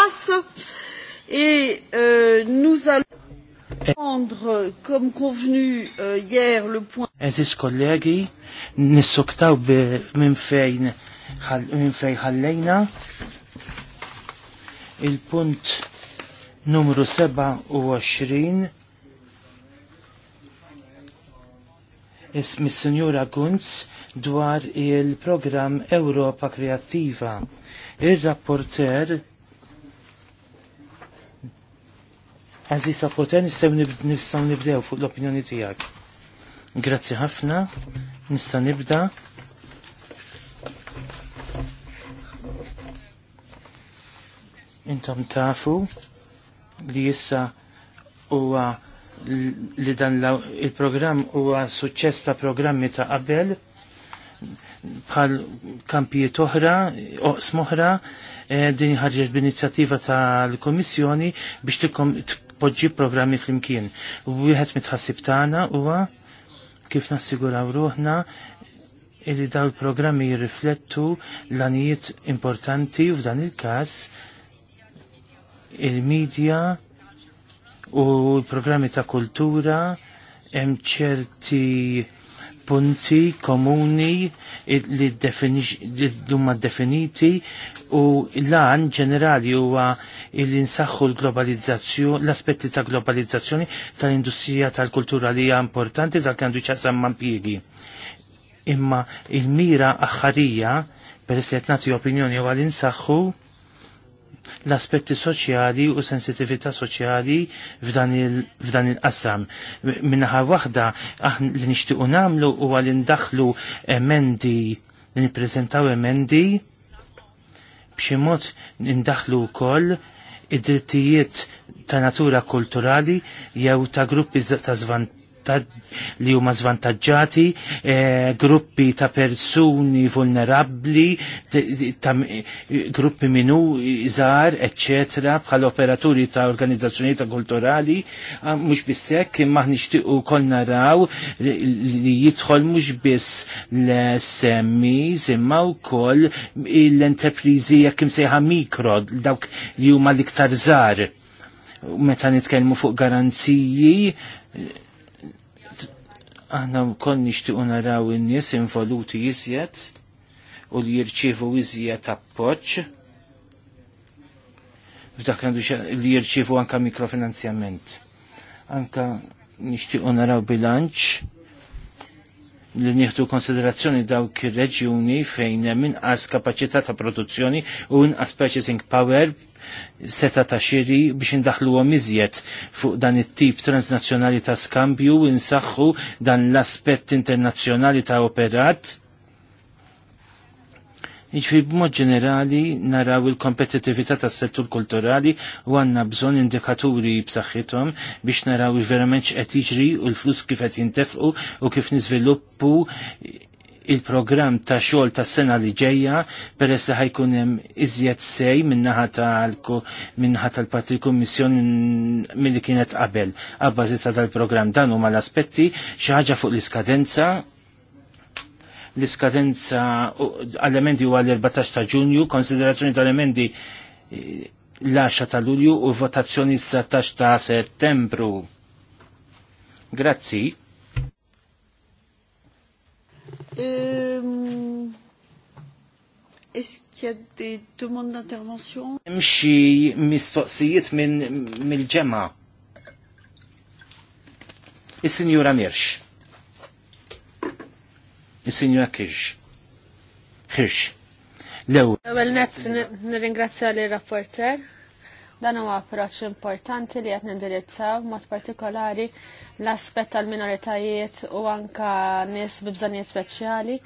place et euh, nous allons prendre comme convenu euh, hier le point. Eżis kollegi, nissuktaw minn fejn minn fejn ħallejna il-punt numru 27 ismi Sinjura Gunz dwar il-program Europa Kreativa. Il-rapporter Aziz Apote, nistaw nibdew fuq l-opinjoni tijak. Grazzi ħafna, nista nibda. Intom tafu li jissa huwa li dan il-programm huwa suċċess ta' programmi ta' qabel bħal kampijiet oħra, oqsmoħra, eh, din ħarġet b'inizjattiva tal-Komissjoni biex poġġi programmi flimkien. Wieħed mitħassib tagħna huwa kif nassiguraw ruħna illi daw il-programmi jirriflettu l-anijiet importanti u f'dan il-kas il-medja u l-programmi ta' kultura hemm ċerti punti komuni li d-dumma definiti u l-għan ġenerali huwa l nsaħħu l-globalizzazzjoni, l-aspetti ta' globalizzazzjoni tal-industrija tal-kultura li hija importanti tal-kandu man piegi. Imma il-mira aħħarija, peress li qed nagħti opinjoni u għal-insaxħu, l-aspetti soċjali u sensitività soċjali f'dan il-qassam. Minnaħa wahda, waħda li nixtiequ nagħmlu u għalin daħlu emendi, li nippreżentaw emendi b'xi mod u wkoll id-drittijiet ta' natura kulturali jew ta' gruppi ta' zvant li huma zvantaġġati, eh, gruppi ta' persuni vulnerabbli, gruppi minu iżar, eċċetera, bħal operaturi ta' organizzazzjoni ta' kulturali, ah, mhux bissek imma nixtiequ kol naraw li jidħol mhux biss l-SMEs imma wkoll l-enterprizi jekk imsejħa mikro dawk li huma l-iktar żgħar meta nitkellmu fuq garanziji aħna wkoll nixtiequ naraw in-nies involuti iżjed u li jirċievu iżjed appoġġ f'dak li jirċievu anka mikrofinanzjament. Anka nixtiequ naraw bilanċ li nieħdu konsiderazzjoni dawk ir-reġjuni fejn hemm inqas kapaċità ta' produzzjoni u inqas purchasing power seta ta' xiri biex indaħluhom iżjed fuq dan it-tip transnazzjonali ta' skambju u insaħħu dan l-aspett internazzjonali ta' operat Iġfir b'mod ġenerali naraw il-kompetitività tas settur kulturali u għanna bżon indikaturi b'saħħithom biex naraw verament x'qed jiġri u l-flus kif qed jintefqu u kif niżviluppu il-programm ta' xogħol ta' sena li ġejja peress li ħajkun hemm iżjed sej minnaħa minnaħa tal-Parti Kummissjoni milli kienet qabel abbażita tal-programm dan huma l-aspetti xi ħaġa fuq l-iskadenza l-iskadenza għal emendi u għal 14 ta' ġunju, konsiderazzjoni tal-emendi eh, l-10 ta' lulju u votazzjoni 17 ta' settembru. Grazzi. Um, ehm, Mxi mistoqsijiet minn mill-ġemma. Is-Sinjura Mirx il-Sinjora Kirsch. Kirsch. L-ewel net nirringrazzja li rapporter dan huwa approċċ importanti li qed nindirizzaw mod partikolari l-aspett tal-minoritajiet u anka nies bi bżonnijiet speċjali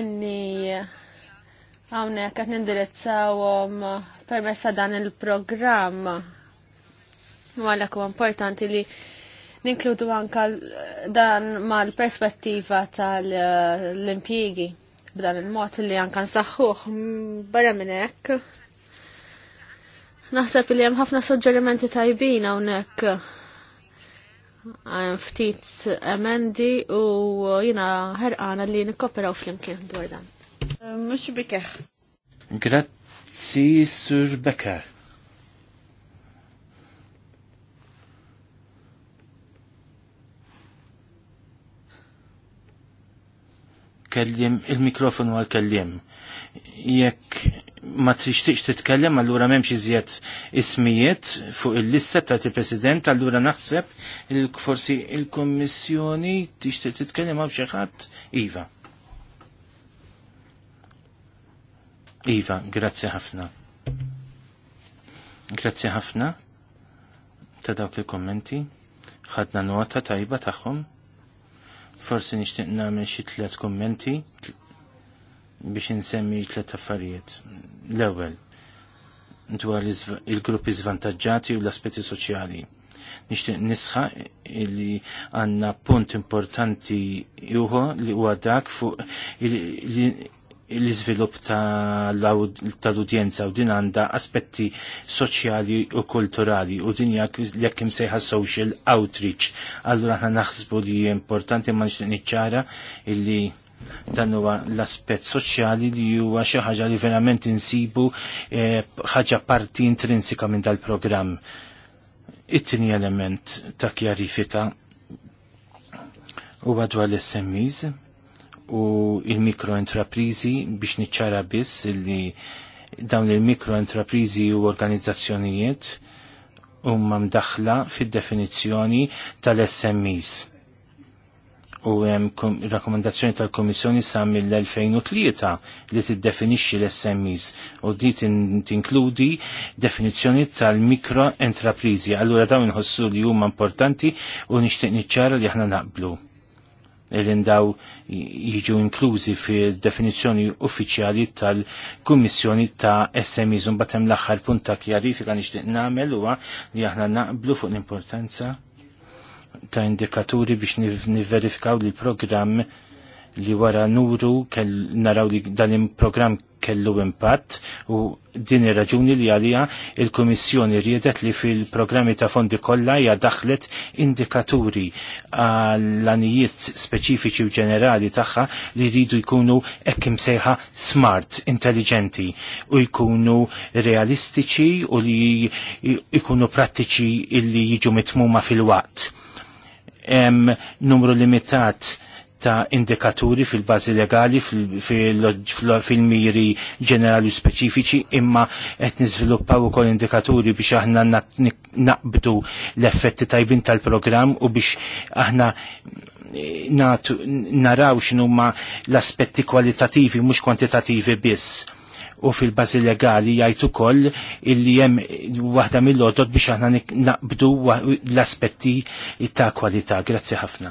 inni hawnhekk qed nindirizzawhom permezz dan il-programm. U huwa importanti li ninkludu anka dan mal-perspettiva tal-impjigi b'dan il-mod li anka nsaħħuh barra minn hekk. Naħseb li hemm ħafna suġġerimenti tajbin hawnhekk. Ftit emendi u jina ħerqana li nikkoperaw flimkien dwar dan. Mux bikeħ. Grazzi, Sur Becker. kellim il-mikrofonu għal-kellim. Jekk ma tixtiqx titkellem, allura memx iżjed ismijiet fuq il-lista ta' il-President, allura naħseb il-forsi il-Kommissjoni tixtiq titkellem għaw xeħat Iva. Iva, grazzi ħafna. Grazzi ħafna ta' dawk il-kommenti. ħadna nota tajba tagħhom. Forsi nixtieq nagħmel xi tliet kummenti biex insemmi tliet affarijiet. L-ewwel dwar il-gruppi zvantaġġati u l-aspetti soċjali. Nixtieq nisħa li għandna punt importanti juħu li huwa dak fuq l-izvilup tal-udjenza u din għanda aspetti soċjali u kulturali u din jekk sejħa social outreach. Allura ħna naħsbu li importanti ma nixtieq niċċara illi dan huwa l-aspett soċjali li huwa xi ħaġa li verament insibu eh, ħaġa parti intrinsika minn dal-programm. It-tieni element ta' kjarifika huwa dwar l-SMEs u il-mikroentreprizi biex niċċara biss li dawn il-mikroentreprizi u organizzazzjonijiet huma mdaħla fid-definizzjoni tal-SMEs. U hemm rakkomandazzjoni tal-Komissjoni sa mill-2003 li tiddefinixxi l-SMEs u di tinkludi definizzjoni tal-mikroentreprizi. Allura dawn inħossu li huma importanti u nixtieq niċċara li aħna naqblu il rindaw jiġu inklużi fil-definizjoni uffiċjali tal-Kummissjoni ta' SMIs. hemm l-axħar punt ta' kjarifika nixtieq nagħmel huwa li aħna naqblu fuq l-importanza ta' indikaturi biex niverifikaw li l-programm li wara nuru kell naraw li dan il-programm kellu impatt u din ir-raġuni li għalija il-Kummissjoni riedet li fil-programmi ta' fondi kollha hija daħlet indikaturi għal anijiet speċifiċi u ġenerali tagħha li jridu jkunu hekk imsejħa smart, intelligenti u jkunu realistiċi u li jkunu prattiċi illi jiġu mitmuma fil-waqt. Numru limitat ta' indikaturi fil-bazi legali, fil-miri ġenerali u speċifiċi, imma qed niżviluppaw ukoll indikaturi biex aħna naqbdu l-effetti tajbin tal-programm u biex aħna e, naraw x'inhuma l-aspetti kwalitativi mhux kwantitativi biss u fil-bazi legali jgħid ukoll illi hemm waħda mill-għodot biex aħna naqbdu l-aspetti ta' kwalità. Grazzi ħafna.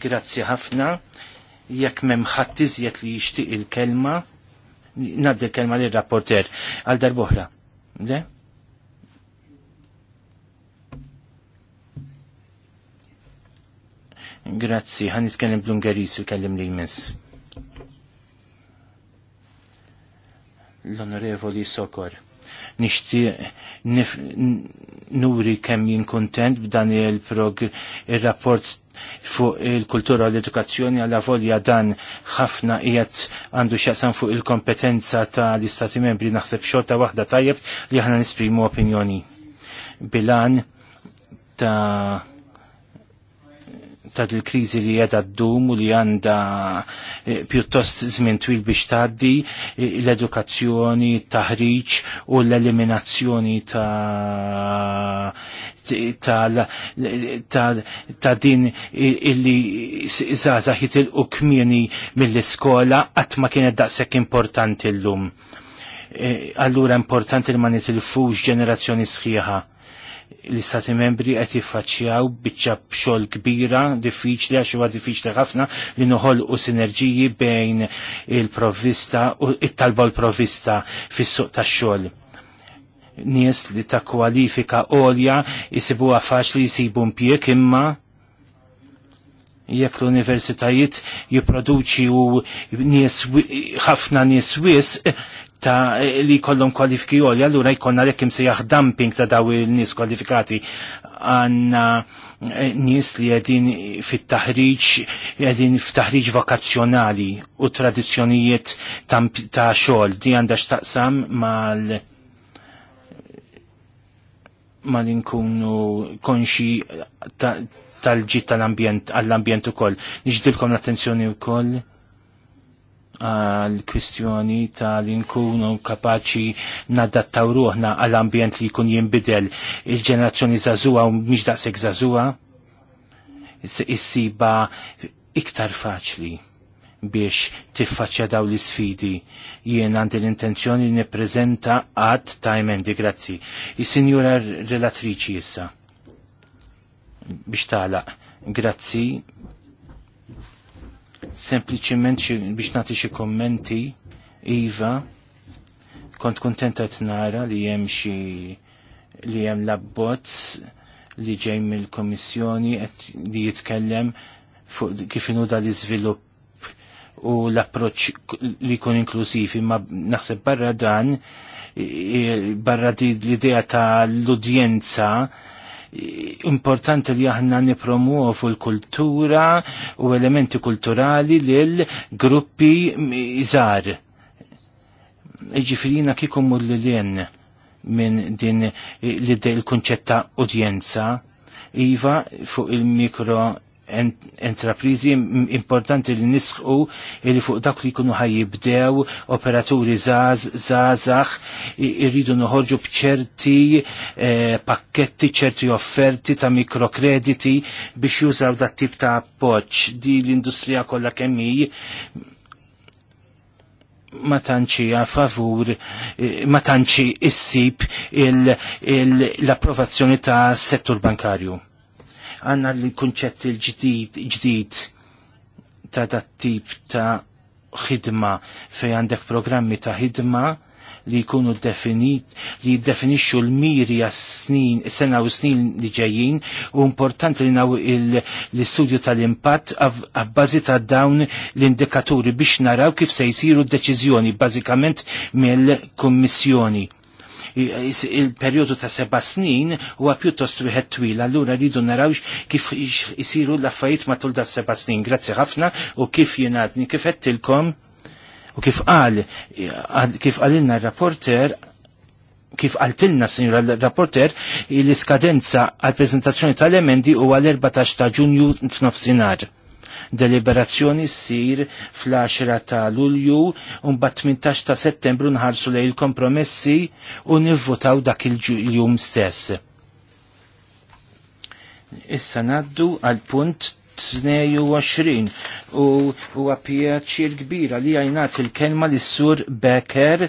Grazzi ħafna. Jekk m'hemm ħadd iżjed li jixtieq il-kelma, ngħaddi l-kelma lir-rapporter għal darb'oħra. Le? Grazzi, ħan nitkellem bl-Ungeris il-kellim li jmiss. L-Onorevoli Sokor, Nishti nuri kemm jien kontent b'dan il-prog il-rapport fuq il-kultura u l-edukazzjoni għalla volja dan ħafna qiegħed għandu x'jaqsam fuq il-kompetenza ta' l-Istati Membri naħseb xorta waħda tajjeb li aħna nisprimu opinjoni. Bilan ta' ta' dil-kriżi li d ddum u li għandha eh, pjuttost żmien twil biex tgħaddi eh, l-edukazzjoni, taħriġ u l-eliminazzjoni ta' ta' din illi zazahit il u kmieni mill-iskola għat ma kienet daqshekk importanti llum. Eh, allura importanti li ma nitilfux ġenerazzjoni sħiħa l-istati membri qed jiffaċċjaw biċċa b'xogħol kbira, diffiċli għax huwa diffiċli ħafna li noħolqu sinerġiji bejn il-provvista u it-talba l-provvista fis-suq tax-xogħol nies li ta' kwalifika għolja jisibu għafax li jisibu mpjek imma jekk l-universitajiet jiproduċi u ħafna nies wis ta' li kollom kwalifiki għolja, allura jkollna l-ekim sejjaħ dumping ta' daw il-nis kwalifikati għanna eh, nis li għedin fit-taħriġ, għedin fit-taħriġ vokazzjonali u tradizjonijiet ta' xol, di għanda xtaqsam mal mal inkunu konxi tal-ġit tal-ambjent, għall-ambjent u koll. Nġdilkom l-attenzjoni u koll għal kwistjoni ta' li nkunu kapaċi nadattaw ruħna għal ambjent li jkun jinbidel il-ġenerazzjoni zazuwa u mhix daqseg zazuwa issiba iktar faċli biex tiffaċċja daw l-isfidi. Jien għandi l-intenzjoni li nippreżenta għad ta' emendi, grazzi. Is-sinjura relatriċi issa biex tagħlaq. Grazzi sempliciment biex nagħti xi kommenti, Iva, kont kontenta nara li hemm xi li hemm labbozz li ġej mill-Komissjoni li jitkellem fuq kif inuda l iżvilupp u l-approċċ li jkun inklusiv imma naħseb barra dan barra l-idea ta' l-udjenza importanti li aħna nipromuovu l-kultura u elementi kulturali lil gruppi żgħar. Ġifirina kikum mur l-lien minn din l-kunċetta udjenza, Iva fuq il-mikro entrapriżi importanti li nisħu li fuq dak li kunu ħajibdew operaturi zazax irridu nħorġu bċerti eh, pakketti, ċerti offerti ta' mikrokrediti biex jużaw dat tip ta' poċ di l-industrija kollha kemmi ma a favur, eh, ma tanċi issib l-approvazzjoni ta' settur bankarju għanna l-kunċett il-ġdid ta' dat tip ta' ħidma fej għandek programmi ta' ħidma li jkunu definit, li jiddefinixxu l-miri għas-snin, sena u snin li ġejjin, u importanti li naw l-istudju tal-impatt għabbażi ta' dawn l-indikaturi biex naraw kif se jisiru d-deċiżjoni, bażikament mill-Kummissjoni il-perjodu ta' seba' snin huwa pjuttost wieħed twil, allura rridu narawx kif isiru l-affarijiet matul da' seba' snin. Grazzi ħafna u kif jingħadni kif qedtilkom u kif qal kif qalilna r-rapporter kif għaltilna, signora rapporter, l-iskadenza għal-prezentazzjoni tal-emendi u għal-14 ta' ġunju f'nofsinar deliberazzjoni ssir fl-10 ta' Lulju u mbagħad 18 ta' Settembru nħarsu lej il-kompromessi u nivvotaw dak il-jum stess. Issa naddu għal punt 22 u huwa pjaċir kbira li għajnat il-kelma li sur Becker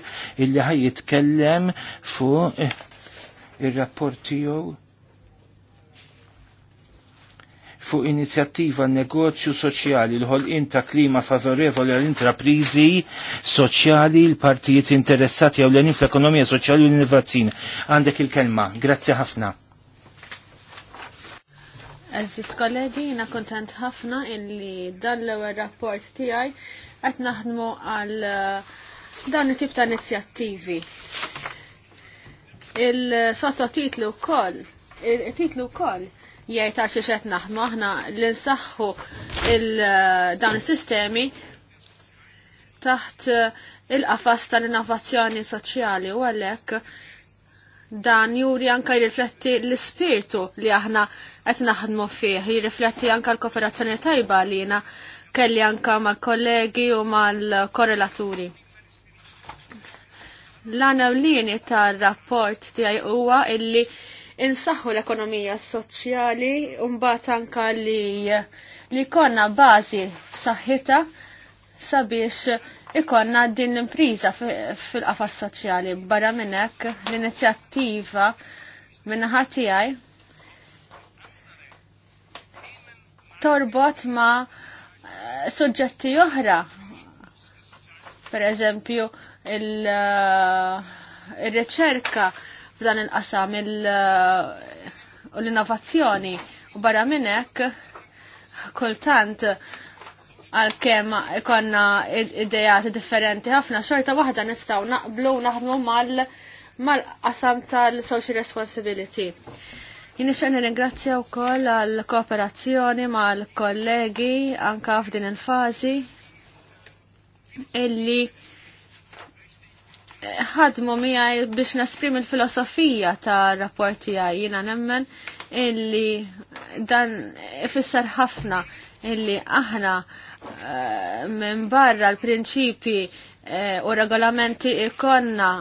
illi ħaj jitkellem fuq ir-rapport tiegħu fuq inizjattiva negozju soċjali l-ħolqin ta' klima favorevoli għal intraprizi soċjali l-partijiet interessati għaw l-għanin fl-ekonomija soċjali u l-innovazzjoni. Għandek il-kelma. Grazzi ħafna. Aziz kollegi, jina kontent ħafna illi dan l-ewwel rapport tiegħi qed naħdmu għal uh, dan it-tip ta' inizjattivi. Il-sottotitlu wkoll, il-titlu wkoll jgħid għal xiexet naħdmu aħna li nsaħħu eh, dawn is-sistemi taħt eh, il-qafas tal-innovazzjoni soċjali u għalhekk dan juri anka jirrifletti l-spirtu li aħna qed naħdmu fih, jirrifletti anka l-kooperazzjoni tajba li jina kelli anka mal-kollegi u mal-korrelaturi. L-għana l-lini tal-rapport tijaj huwa illi insaħħu l-ekonomija soċjali u mbagħad anka li li konna bażi f'saħħitha sabiex ikonna din l-impriża fil-qafas soċjali. Barra minn hekk l-inizjattiva minnaħa tiegħi torbot ma' eh, suġġetti oħra. Per eżempju, eh, il-riċerka il f'dan il-qasam uh, l-innovazzjoni u barra minn hekk kultant għal-kem konna idejat differenti ħafna xorta waħda nistaw naqblu naħdmu mal-qasam mal qasam tal social responsibility. Jini xan ringrazzja u koll għal-kooperazzjoni mal-kollegi anka f'din il-fazi illi ħadmu miegħi biex nesprim il-filosofija ta' rapporti għaj jina nemmen illi dan ifisser ħafna illi aħna eh, minn barra l-prinċipi eh, u regolamenti ikonna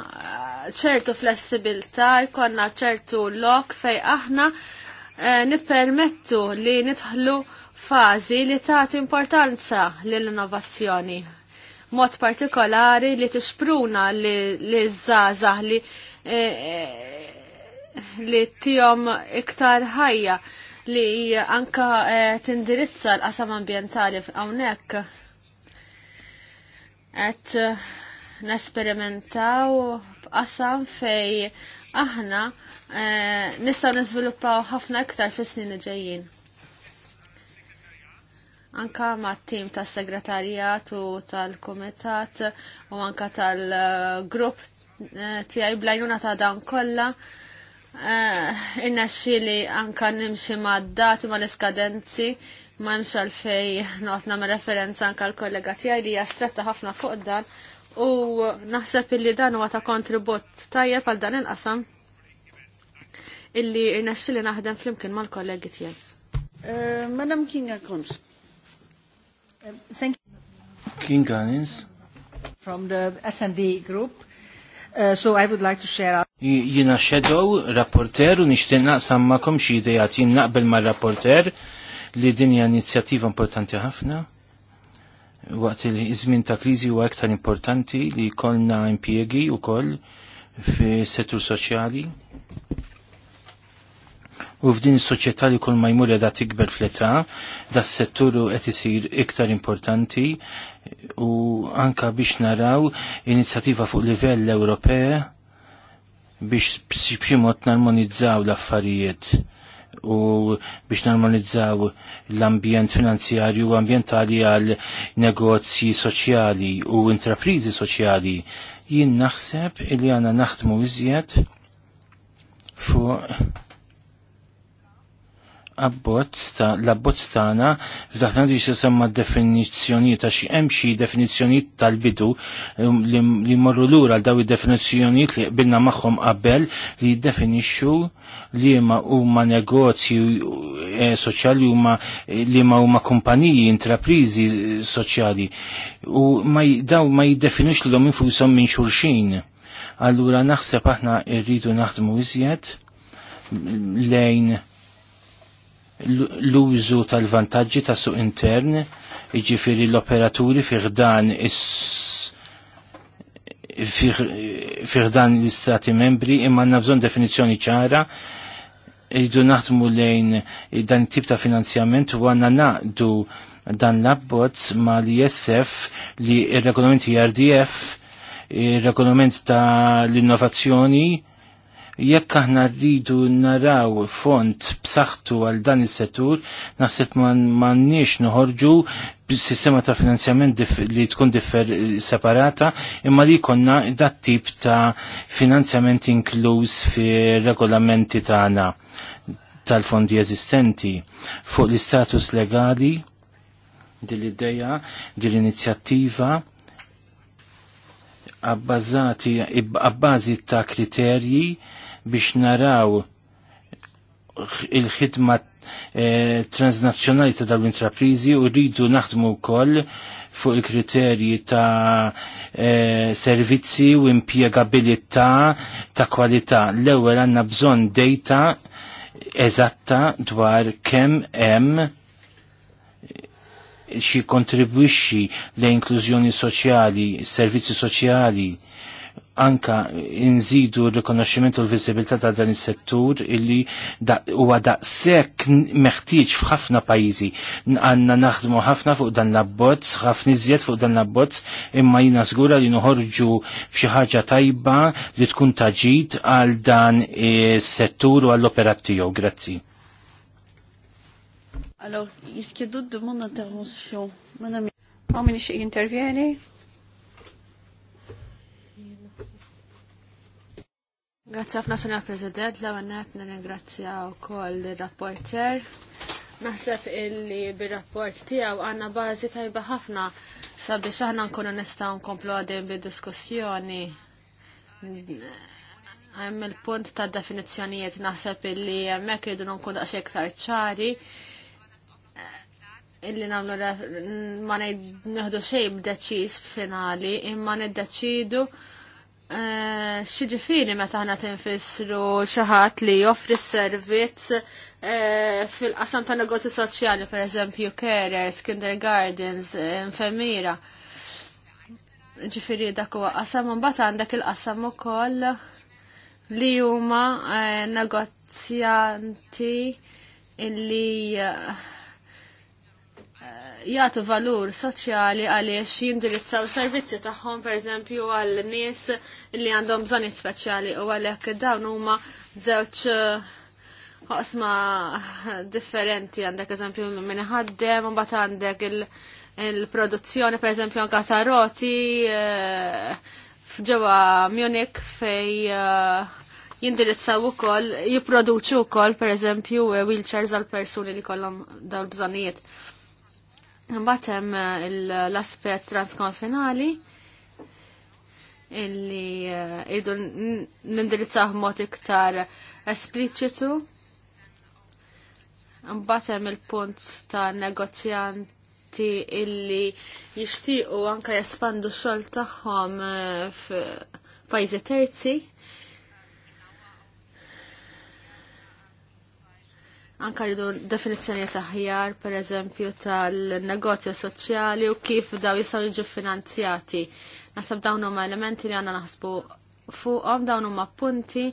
ċertu flessibilità, ikonna ċertu lok fej aħna eh, nippermettu li nidħlu fażi li tagħti importanza lill-innovazzjoni mod partikolari li tixpruna li z-zazah li e, e, li t-tijom iktar ħajja li anka e, tindirizza l-qasam ambientali hawnhekk qed nesperimentaw b'qasam fej aħna nista' niżviluppaw ħafna iktar fis-snin li ġejjin anka ma' tim tas segretarijat u tal-komitat u anka tal-grupp eh, tiegħi blajnuna ta' dan kollha. Eh, Inna li anka nimxi ma' dati ma' l-iskadenzi ma' nimxi għalfej notna ma' referenza anka l-kollega tiegħi li jastretta ħafna fuq dan u naħseb illi dan huwa ta' kontribut tajjeb għal dan il-qasam illi irnexxi li naħdem flimkien mal-kollegi tiegħi. Eh, Madam Kinga kunst. Thank you. King Gunnins. From the SND group. Uh, so I would like to share Jina xedow, rapporter, u nishtin naqsam ma'kom xie idejat. Jien naqbel ma' rapporter li dinja inizjativa importanti ħafna. Waqt li izmin ta' krizi u aktar importanti li kolna impiegi u koll fi settur soċjali U f'din is-soċjetà li kull ma jmur qiegħda tikber fl-età, das setturu qed isir iktar importanti u anka biex naraw inizjattiva fuq livell Ewropea biex b'xi mod narmonizzaw l-affarijiet u biex narmonizzaw l-ambjent finanzjarju u ambjentali għal negozji soċjali u intraprizi soċjali. Jien naħseb li għana naħdmu iżjed fuq abbozz ta' l-abbozz tagħna f'dak li s-semma definizzjonijiet ta' xi hemm xi definizzjonijiet tal-bidu um, li morru lura daw id-definizzjonijiet li qbilna magħhom qabel li jiddefinixxu li ma huma negozji eh, soċjali huma li ma huma kumpaniji intraprizi soċjali u ma daw ma jiddefinix l infushom minn xulxin. Allura naħseb aħna rridu naħdmu iżjed lejn l-użu tal-vantaġġi ta' suq intern, iġifiri l-operaturi fiħdan fiħdan l-istati membri, imma għanna bżon definizjoni ċara, rridu naħdmu lejn dan tip ta' finanzjament u għanna naqdu dan l-abbozz ma li jessef li il regolament e RDF, il-regolament ta' l-innovazzjoni, jekk aħna rridu naraw font b'saħħtu għal dan is-settur, naħseb m'għandniex noħorġu sistema ta' finanzjament li tkun differ separata, imma li konna dat tip ta' finanzjament inkluż fi regolamenti tagħna tal-fondi eżistenti fuq l-istatus legali dil-ideja, dil-inizjattiva abbażati abbażi ta' kriterji biex naraw il-ħidma eh, transnazzjonali ta' dawn l-intraprizi u rridu naħdmu wkoll fuq il-kriterji ta' eh, servizzi u impjegabilità ta' kwalità. L-ewwel għandna bżonn data eżatta dwar kemm hemm xi kontribwixxi l-inklużjoni soċjali, servizzi soċjali anka nżidu r-rikonoxximent u l-viżibilità ta' dan is-settur illi huwa daqshekk meħtieġ f'ħafna pajjiżi. Għandna naħdmu ħafna fuq dan l-abbozz, ħafna iżjed fuq dan l-abbozz, imma jiena żgura li noħorġu f'xi ħaġa tajba li tkun taġid għal dan is-settur u għall-operat tiegħu. Grazzi. Alors, est d qu'il ta' a d'autres demandes intervjeni? Oh, Grazie għafna sunja President, la għannet nir-ingrazzja u koll rapporter. Naħseb illi bil-rapport tijaw għanna bazi tajba ħafna sabiex aħna nkunu nistaw nkomplu għadin bil-diskussjoni. Għem il-punt ta' definizjonijiet naħseb illi jemmek rridu nkunu daqxie ktar ċari illi namlu ma nejdu xej b'deċiż finali imma niddeċidu Eh, xieġifiri meta ħana tinfissru xaħat li joffri servizz eh, fil-qasam ta' negozju soċjali, per eżempju, carers, kindergardens, infemira. Ġifiri dak huwa qasam mbagħad għandek il-qasam ukoll li huma eh, negozjanti illi jagħtu valur soċjali għaliex jindirizzaw servizzi tagħhom pereżempju għal nies li għandhom bżonnijiet speċjali u għalhekk dawn huma żewġ ħosma uh, differenti għandek eżempju minn ħaddem u mbagħad għandek il-produzzjoni pereżempju anke ta' roti uh, f'ġewwa Munich fej uh, jindirizzaw ukoll jipproduċu wkoll pereżempju wheelchairs għal persuni li kollhom dawn bżonnijiet. Mbagħad hemm eh, l-aspett transkonfinali illi eh, idu nindirizzaħ mod iktar espliċitu. Mbagħad hemm il-punt ta' negozjanti illi jixtiequ anke jespandu x-xogħol tagħhom eh, f'pajjiżi terzi. Anka ridu definizzjoni ta' ħjar, per eżempju, tal-negozju soċjali u kif daw jistgħu jiġu finanzjati. Nasab dawn huma elementi li għandna naħsbu fuqhom dawn huma punti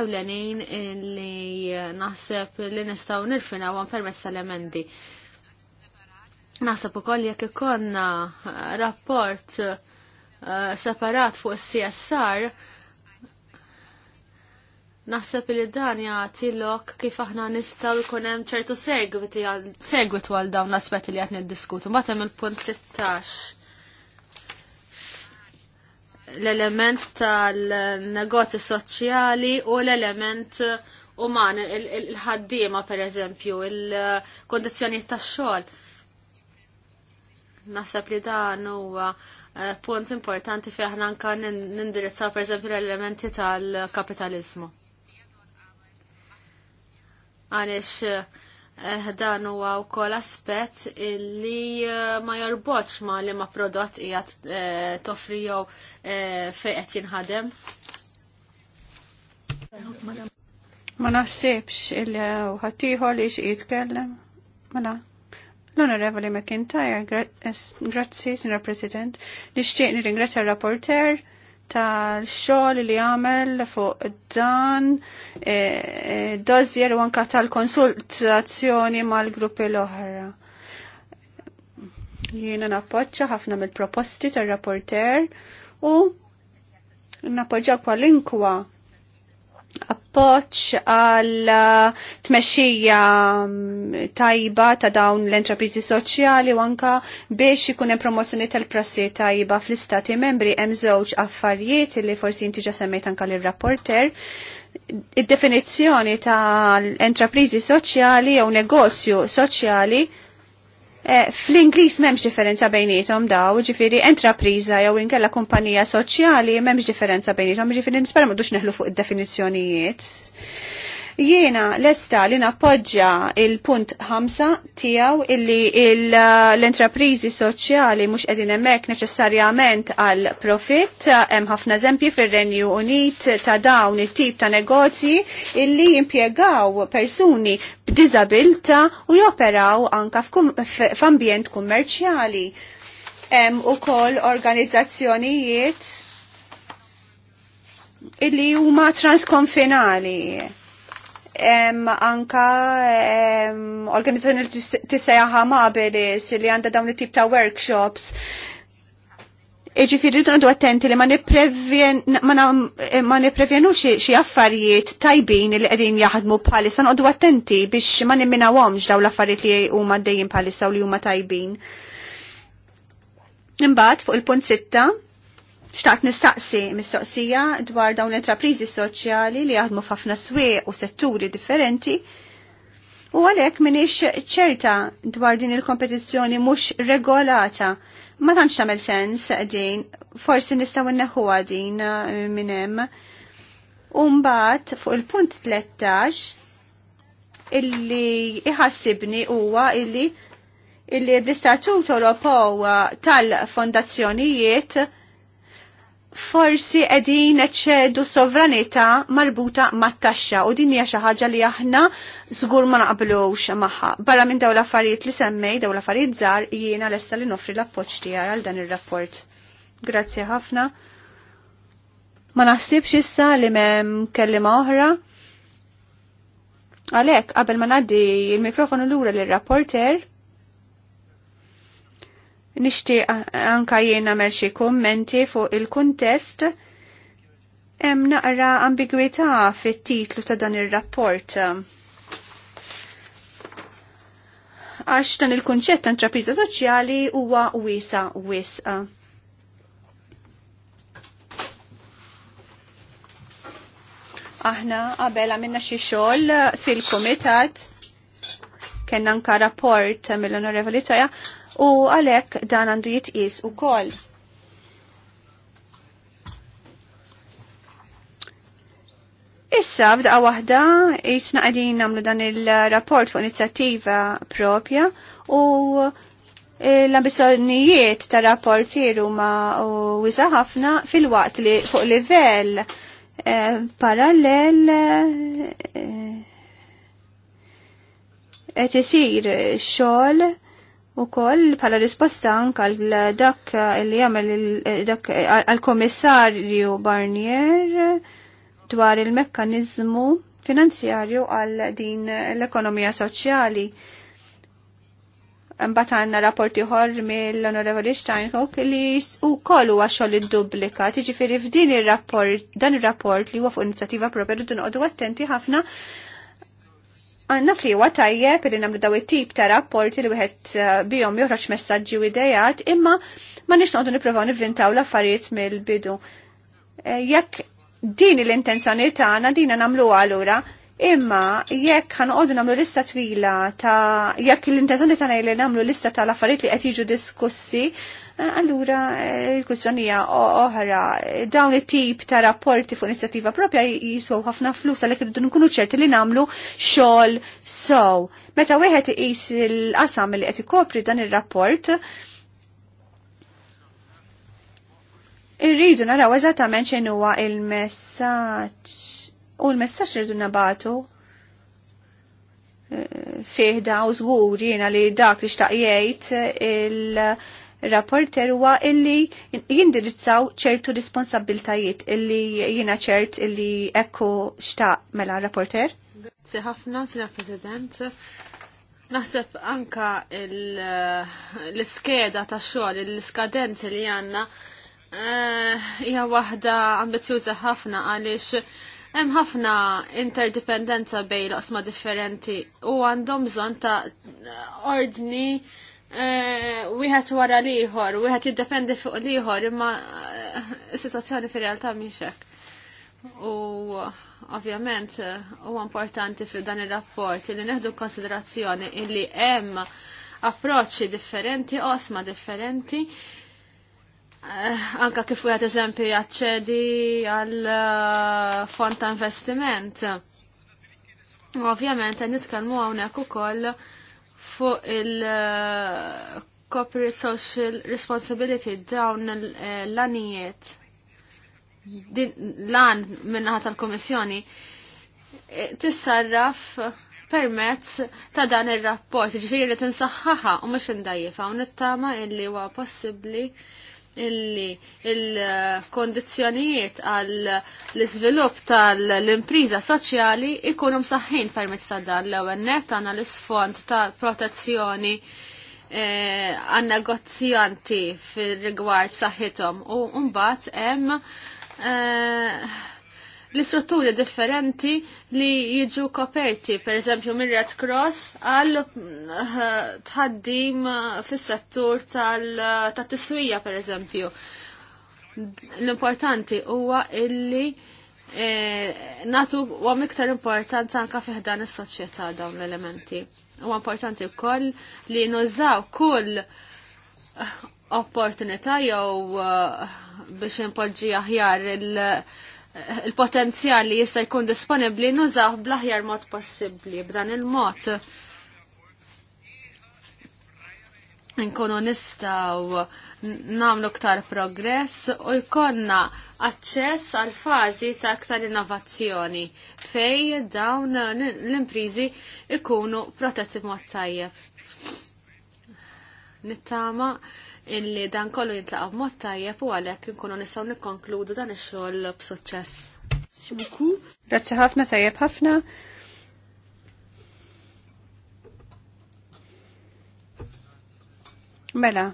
ewlenin li naħseb li nistgħu nirfinawhom permezz tal-emendi. Naħseb ukoll jekk ikonna rapport eh, separat fuq is-CSR, Naħseb li dan jagħti lok kif aħna nistgħu jkun hemm ċertu segwiti għal dawn l-aspetti li qed niddiskutu. Mbagħad hemm il-punt 16 l-element tal-negozju soċjali u l-element uman, il ħaddiema per eżempju, il kundizzjonijiet tax xogħol. Naħseb li dan huwa eh, punt importanti fi aħna anke nindirizzaw per eżempju l-elementi tal-kapitalizmu għaliex eh, dan huwa kol aspett li eh, ma jorboċ ma li ma prodott qiegħed eh, toffri jew fejn qed jinħadem. Ma naħsibx illi ħaddieħor li jitkellem. Mela. L-Onorevoli McIntyre, grazzi, Signor President, nixtieq nirringrazzja l-rapporter tal-xogħol li għamel fuq dan e, e, dozjer u anka tal-konsultazzjoni mal-gruppi l-oħra. Jiena nappoġġa ħafna mill-proposti tar-rapporter u nappoġġa kwalinkwa appoċ għal uh, tmexxija um, tajba ta' dawn l-entreprizi soċjali u anka biex ikun hemm promozzjoni tal-prassi tajba fl-istati membri hemm żewġ affarijiet li forsi inti ġa semmejt anka lir-rapporter id-definizzjoni tal-entreprizi soċjali jew negozju soċjali Eh, Fl-Inglis memx differenza bejnietom daw, ġifiri entrapriza jew inkella kumpanija soċjali memx differenza bejnietom, ġifiri nispera mdux neħlu fuq id-definizjonijiet. Jiena lesta li nappoġġja il-punt 5 tiegħu illi l-entreprizi uh, soċjali mhux qegħdin hemmhekk neċessarjament għal profit hemm ħafna eżempji fir-Renju Unit ta' dawn it-tip ta' negozji illi jimpjegaw persuni b'diżabilità u joperaw anka f'ambjent kummerċjali. Hemm ukoll organizzazzjonijiet illi huma transkonfinali anka organizzazzjoni li tissejja Hamabilis li għandha dawn it-tip ta' workshops iġifiri rridu attenti li ma niprevjenu xie affarijiet tajbin li għedin jaħdmu bħalissa, nqoddu attenti biex ma għomġ daw l-affarijiet li huma dejjem bħalissa u li huma tajbin. Imbagħad fuq il-punt sitta, Xtaqt nistaqsi mistoqsija dwar dawn l entrapriżi soċjali li jaħdmu f'ħafna swieq u setturi differenti U għalek minix ċerta dwar din il kompetizzjoni mux regolata. Ma tantx tamel sens din, forsi nistaw neħuwa din uh, minnem. Umbat fuq il-punt 13 illi iħassibni huwa illi illi bl-istatut Ewropew uh, tal-fondazzjonijiet forsi edin eċċedu sovranità marbuta mat-taxxa u din hija xi ħaġa li aħna żgur ma naqblux magħha. Barra minn dawn l-affarijiet li semmej, dawn l-affarijiet żgħar jiena lesta li nofri l-appoġġ tiegħi għal dan ir-rapport. Grazzi ħafna. Ma naħsibx issa li m'hemm kelliema oħra. Għalhekk qabel ma ngħaddi l mikrofonu lura lir-rapporter, Nixtieq anka jien għamel xi kummenti fuq il-kuntest hemm naqra ambigwità fit-titlu ta' dan ir-rapport għax dan il-konċett ta' intrapriża soċjali huwa wiesa wisqa. Aħna qabel għamilna xi xogħol fil-kumitat kien anka rapport mill-Onorevoli Toja u għalek dan għandu jitqis u kol. Issa, b'daqqa wahda, jisna għadin namlu dan il-rapport fuq inizjattiva propja u l-ambizjonijiet ta' rapportieru ma' u ħafna fil-waqt li fuq livell eh, parallel eh, qed isir xogħol u koll pala risposta anka dak li jagħmel dak għal-komissarju Barnier dwar il-mekkanizmu finanzjarju għal din l-ekonomija soċjali. Mbagħad għandna rapporti ħor mill-Onorevoli Steinhock li u u għaxol id-dublika, tiġifieri f'din ir-rapport dan ir-rapport li huwa fuq inizjattiva propja rridu noqogħdu attenti ħafna Għanna friwa tajjeb li namlu daw it-tip ta' rapporti li wieħed eh, bihom joħroġ messaġġi u idejat, imma ma nix noqdu niprofaw nivvintaw l-affarijiet mill-bidu. Eh, jekk din l-intenzjoni tagħna dina namlu għalura, Imma jekk ħanqodu nagħmlu lista twila ta' jekk l-intenzjoni tagħna li nagħmlu lista tal-affarijiet li qed jiġu diskussi, eh, allura eh, l-kwistjonija oħra dawn it-tip ta' rapporti fuq inizjattiva propja jiswew ħafna flus għalhekk irridu nkunu ċerti li nagħmlu xogħol sow. Meta wieħed iqis il-qasam li qed ikopri dan ir-rapport, irridu naraw eżattament x'inhuwa il-messaġġ U l-messax irridu nabatu eh, fiħda u zgur jiena li dak li xtaqjajt il-rapporter huwa illi jindirizzaw ċertu responsabiltajiet illi jiena ċert illi ekku xtaq mela rapporter. Grazie ħafna, Sina President. Naħseb anka l-iskeda ta' xogħol, l skadenzi li għandna eh, hija waħda ambizjuża ħafna għaliex Hemm ħafna interdipendenza bejn loqsma differenti u għandhom bżonn ta' ordni eh, wieħed wara l-ieħor, wieħed jiddependi fuq l-ieħor, imma eh, is-sitwazzjoni fir-realtà mhix hekk. U ovvjament eh, huwa importanti fil dan ir-rapport li neħdu konsiderazzjoni illi hemm approċċi differenti, osma differenti, Eh, anka kif u għat eżempi għacċedi għal eh, fond ta' investiment. Ovvjament, nitkalmu għawnek u koll fuq il-corporate eh, social responsibility dawn l-anijiet l-an minnaħat tal-komissjoni tissarraf permezz ta' dan il-rapport, ġifiri li tinsaħħaħa u mux indajjifa, u nittama illi huwa possibli illi il-kondizjonijiet għal l izvilup tal-impriża soċjali ikunu msaħħin permezz ta' dan l-ewwel net għandna l-isfond ta' protezzjoni eh, għan negozjanti fil-rigward saħħithom u mbagħad hemm eh, l-istrutturi differenti li jiġu koperti, per eżempju minn Red Cross għal eh, tħaddim eh, fis-settur tal-tiswija eh, per eżempju. L-importanti huwa illi natu huwa iktar importanza anka fiħdan is-soċjetà dawn l-elementi. Huwa importanti wkoll li nużaw kull opportunità jew biex impoġġi aħjar il- Eh, il-potenzjal li jista' jkun disponibbli nużaw bl-aħjar mod possibbli b'dan il-mod. Nkunu nistgħu nagħmlu ktar progress u jkollna aċċess għal fażi ta' aktar innovazzjoni fej dawn l-imprizi ikunu protetti mod tajjeb. Nittama illi dan kollu jintlaqaw mod tajjeb u għalhekk inkunu nistgħu nikkonkludu dan ix-xogħol b'suċċess. Grazzi ħafna tajjeb ħafna. Mela,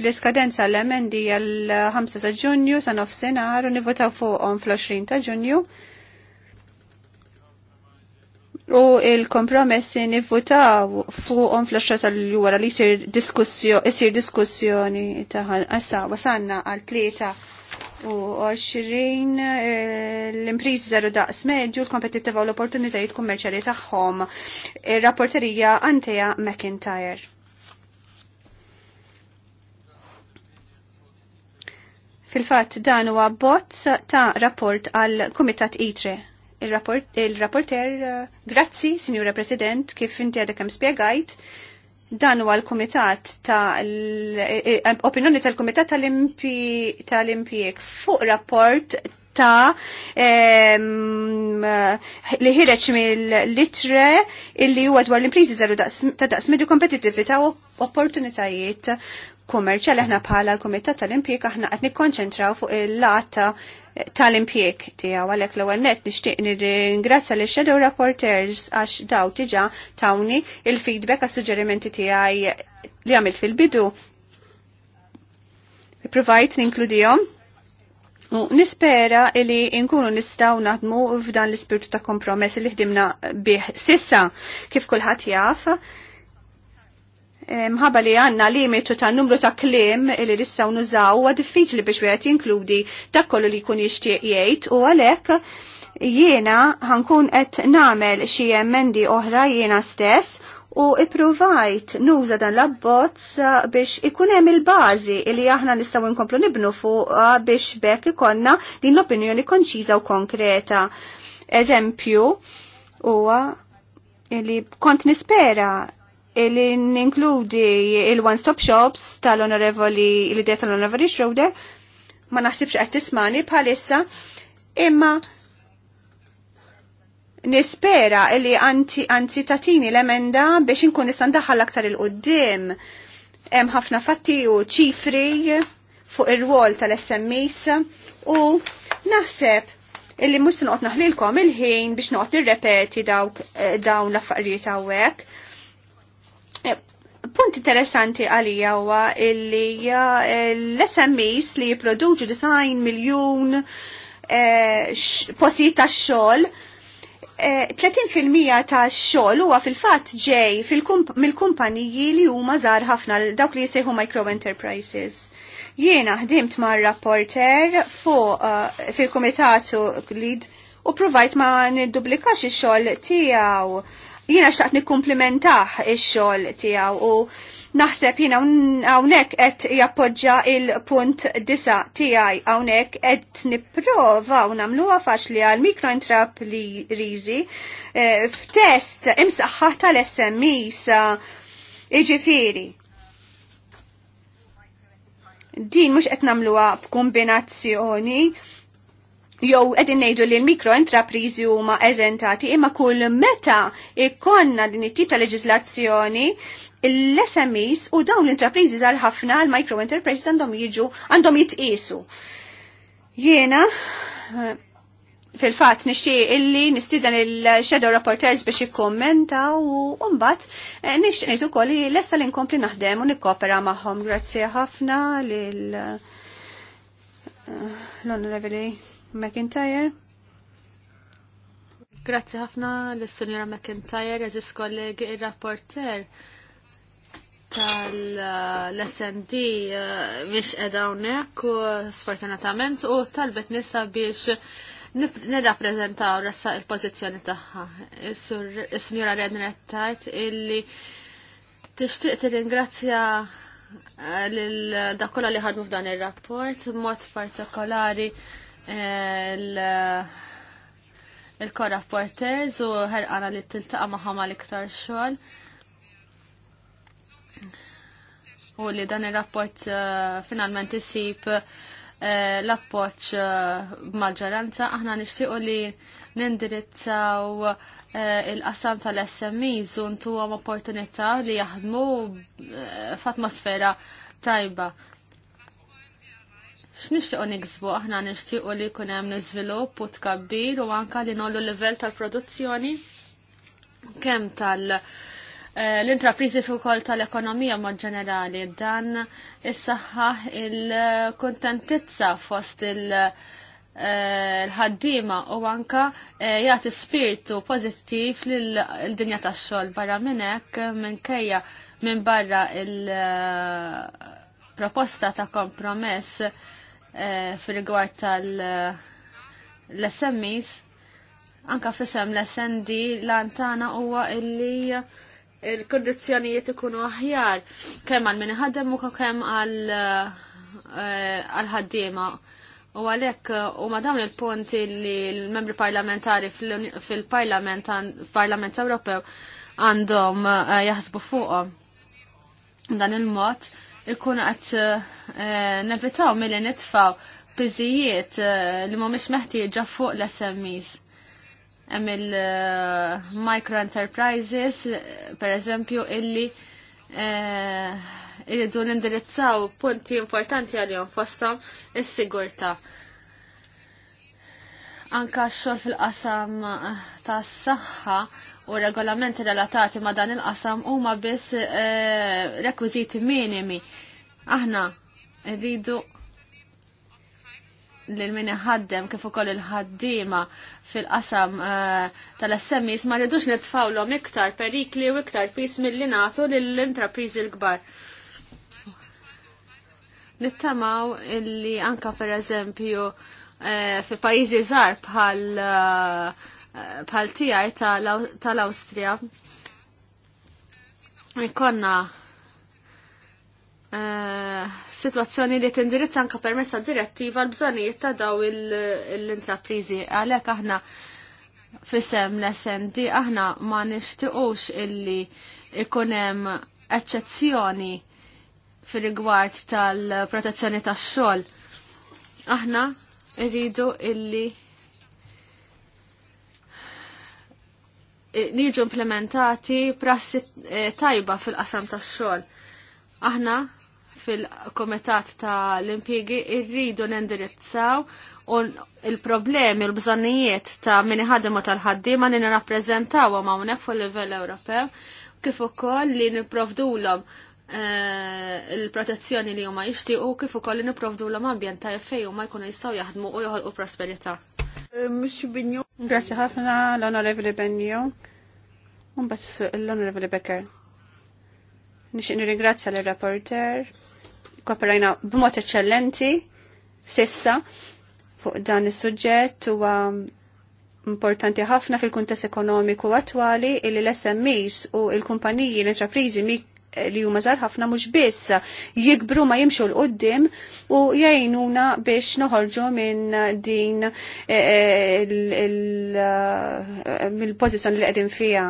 l-iskadenza l-emendi għal 5 ta' ġunju sa' nofsinhar u nivvotaw fuqhom fl-20 ta' ġunju u il-kompromessi nivvutaw fuqhom fl-10 tal-jura li jsir diskussjoni diskussjoni ta' issa wasanna għal tlieta u 20 eh, l-imprizi zaru daqs medju l-kompetittiva u l-opportunitajiet kummerċali tagħhom. Ir-rapporterija Anteja McIntyre. Fil-fatt dan huwa bozz ta' rapport għal Kumitat ITRE il-rapporter, eh, grazzi, Signora President, kif inti għadek spiegajt, dan huwa l-Kumitat ta' eh, eh, opinjoni tal-Kumitat tal-Impjek fuq rapport ta' li ħireċ mill-litre illi huwa dwar l-imprizi żaru ta' daqs medju kompetitivi u opportunitajiet kummerċjali aħna bħala l-Kumitat tal-Impjek aħna qed nikkonċentraw fuq il-lata tal-impjek tiegħu għalhekk l-ewwel nishtiq nir-ingrazza li shadow rapporters għax daw tiġa tawni il-feedback għas suġġerimenti tiegħi li għamilt fil-bidu. Provajt ninkludihom U nispera li nkunu nistaw naħdmu f'dan l-ispirtu ta' kompromess li ħdimna bih sissa kif kulħadd jaf Eh, mħabba li għanna limitu ta' numru ta' klim li nistaw nużaw huwa diffiċli biex wieħed jinkludi ta' kollu li jkun jixtieq jgħid u għalhekk jiena ħankun qed nagħmel xi emendi oħra jiena stess u ippruvajt nuża dan l-abbozz biex ikun hemm il-bażi li aħna nistgħu nkomplu nibnu fuq biex bekk ikonna din l-opinjoni konċiża u konkreta. Eżempju huwa li kont nispera li ninkludi il-one-stop shops tal-onorevoli, l-idea tal-onorevoli Schroeder, ma naħsibx qed tismani bħalissa, imma nispera li anzi tatini l-emenda biex inkun nista' ndaħħal aktar il-qudiem. Hemm ħafna fatti u ċifri fuq ir-rwol tal smis u naħseb illi mhux noqgħod naħlilkom il-ħin biex noqgħod nirrepeti dawk eh, dawn l-affarijiet hawnhekk Eh, punt interessanti għalija huwa illi eh, l-SMEs li jipproduċu design miljun eh, postijiet ta' xogħol 30% ta' xogħol huwa fil-fatt ġej mill-kumpaniji li huma żgħar ħafna dawk li jsejħu micro enterprises. Jiena ħdimt ma' rapporter fuq fil-kumitatu lead u provajt ma' niddubblikax ix-xogħol tiegħu Jiena xtaqt nikkumplimentaħ ix-xogħol tiegħu u naħseb jina hawnhekk qed jappoġġa il-punt disa tiegħi hawnhekk qed nipprova u nagħmluha faċli għal mikrointrap li riżi eh, f'test imsaħħaħ tal sa eh, iġifiri. din mux qed nagħmluha b'kombinazzjoni jew qegħdin ngħidu li l-mikro intrapriżi huma eżentati imma kull meta ikkonna din it-tip ta' leġiżlazzjoni l-SMEs u dawn l-intrapriżi żgħar ħafna l-micro enterprises għandhom jiġu għandhom jitqiesu. Jiena fil-fat nixtieq illi nistidan il-shadow rapporters biex jikkommenta u mbagħad eh, nixtieq ngħid ukoll li lesta li nkompli naħdem u nikkopera magħhom. Grazzi ħafna lil eh, l-Onorevoli McIntyre. Grazzi ħafna l-Sunjora McIntyre, eżis kollegi il-rapporter tal-SND biex eh, edawnek u sfortunatament u talbet nisa biex nirrapprezentaw rassa il-pozizjoni taħħa. il sinjora Rednet tajt illi tixtieq tirringrazzja eh, l dakolla li ħadmu f'dan ir-rapport mod partikolari il-korra porters u ħerqana li t-tiltaqa maħam għal iktar xol. U li dan il-rapport eh, finalment jisib eh, l-appoċ eh, maġġoranza, aħna nixtiequ li nindirizzaw il-qasam tal smi untu għam opportunità li jaħdmu f'atmosfera tajba. X'nixtiequ niksbu aħna nixtiequ li jkun hemm niżvilupp u tkabbir u anke li nollu livell tal-produzzjoni kemm tal- eh, l-intrapriżi fuq ukoll tal-ekonomija mod ġenerali dan issaħħaħ il kuntentizza fost il- eh, l-ħaddima u anka eh, jagħti spiritu pożittiv lil-dinja tax-xogħol barra minn hekk minn barra il- proposta ta' kompromess Eh, fil-rigward tal-SMEs, anka fissem l-SND l-antana huwa illi il-kondizjonijiet ikunu aħjar kemm għal min ħaddem u kemm għal eh, ħaddiema. U għalek, u madam il-punti li l-membri parlamentari fil-Parlament Ewropew għandhom eh, jaħsbu fuqhom dan il-mod ikun għat eh, nevitaw mill nitfaw bizijiet eh, li mhumiex meħtieġa fuq l-SMEs. Hemm il-micro eh, enterprises, per eżempju, illi irridu nindirizzaw punti importanti għalihom fosthom is-sigurtà. Anka x-xogħol fil-qasam tas-saħħa u regolamenti relatati ma' dan il-qasam huma biss rekwiżiti minimi Aħna rridu lil min ħaddem kif ukoll il-ħaddiema fil-qasam tal assemis ma rridux li iktar perikli u iktar pis milli nagħtu lill-intrapriżi l-kbar. Nittamaw illi anka per eżempju fi pajjiżi żgħar bħal bħal tiegħi tal-Awstrija ikonna Eh, situazzjoni li tindirizza anka permessa direttiva l-bżonijiet ta' daw l-intraprizi. Għalek aħna fissem l-SND aħna ma nishtiqux illi ikunem eccezzjoni fil-rigward tal-protezzjoni tax xogħol Aħna irridu illi niġu implementati prassi eh, tajba fil-qasam tax xogħol Aħna fil-komitat ta' l-impiegi irridu nindirizzaw il-problemi u l-bżonnijiet ta' minni ħadima tal-ħaddima li nirrappreżentaw ma' unek fuq livell Ewropew kif ukoll li nipprovdulhom eh, il-protezzjoni li huma jixtiequ kif ukoll li nipprovdulhom ambjent ta' u huma jkunu jistgħu jaħdmu u joħolqu prosperità. Eh, Mhux Binju. Grazzi ħafna l-Onorevoli Un bas l-Onorevoli Becker. Nixtieq nirringrazzja l reporter kooperajna b'mod eċċellenti sissa fuq dan is-suġġett huwa importanti ħafna fil-kuntess ekonomiku attwali illi l-SMEs u l-kumpaniji l-intraprizi li huma żar ħafna mhux biss jikbru ma jimxu l qudiem u jgħinuna biex noħorġu minn din eh, eh, eh, mill-pożizzjoni li qegħdin fiha.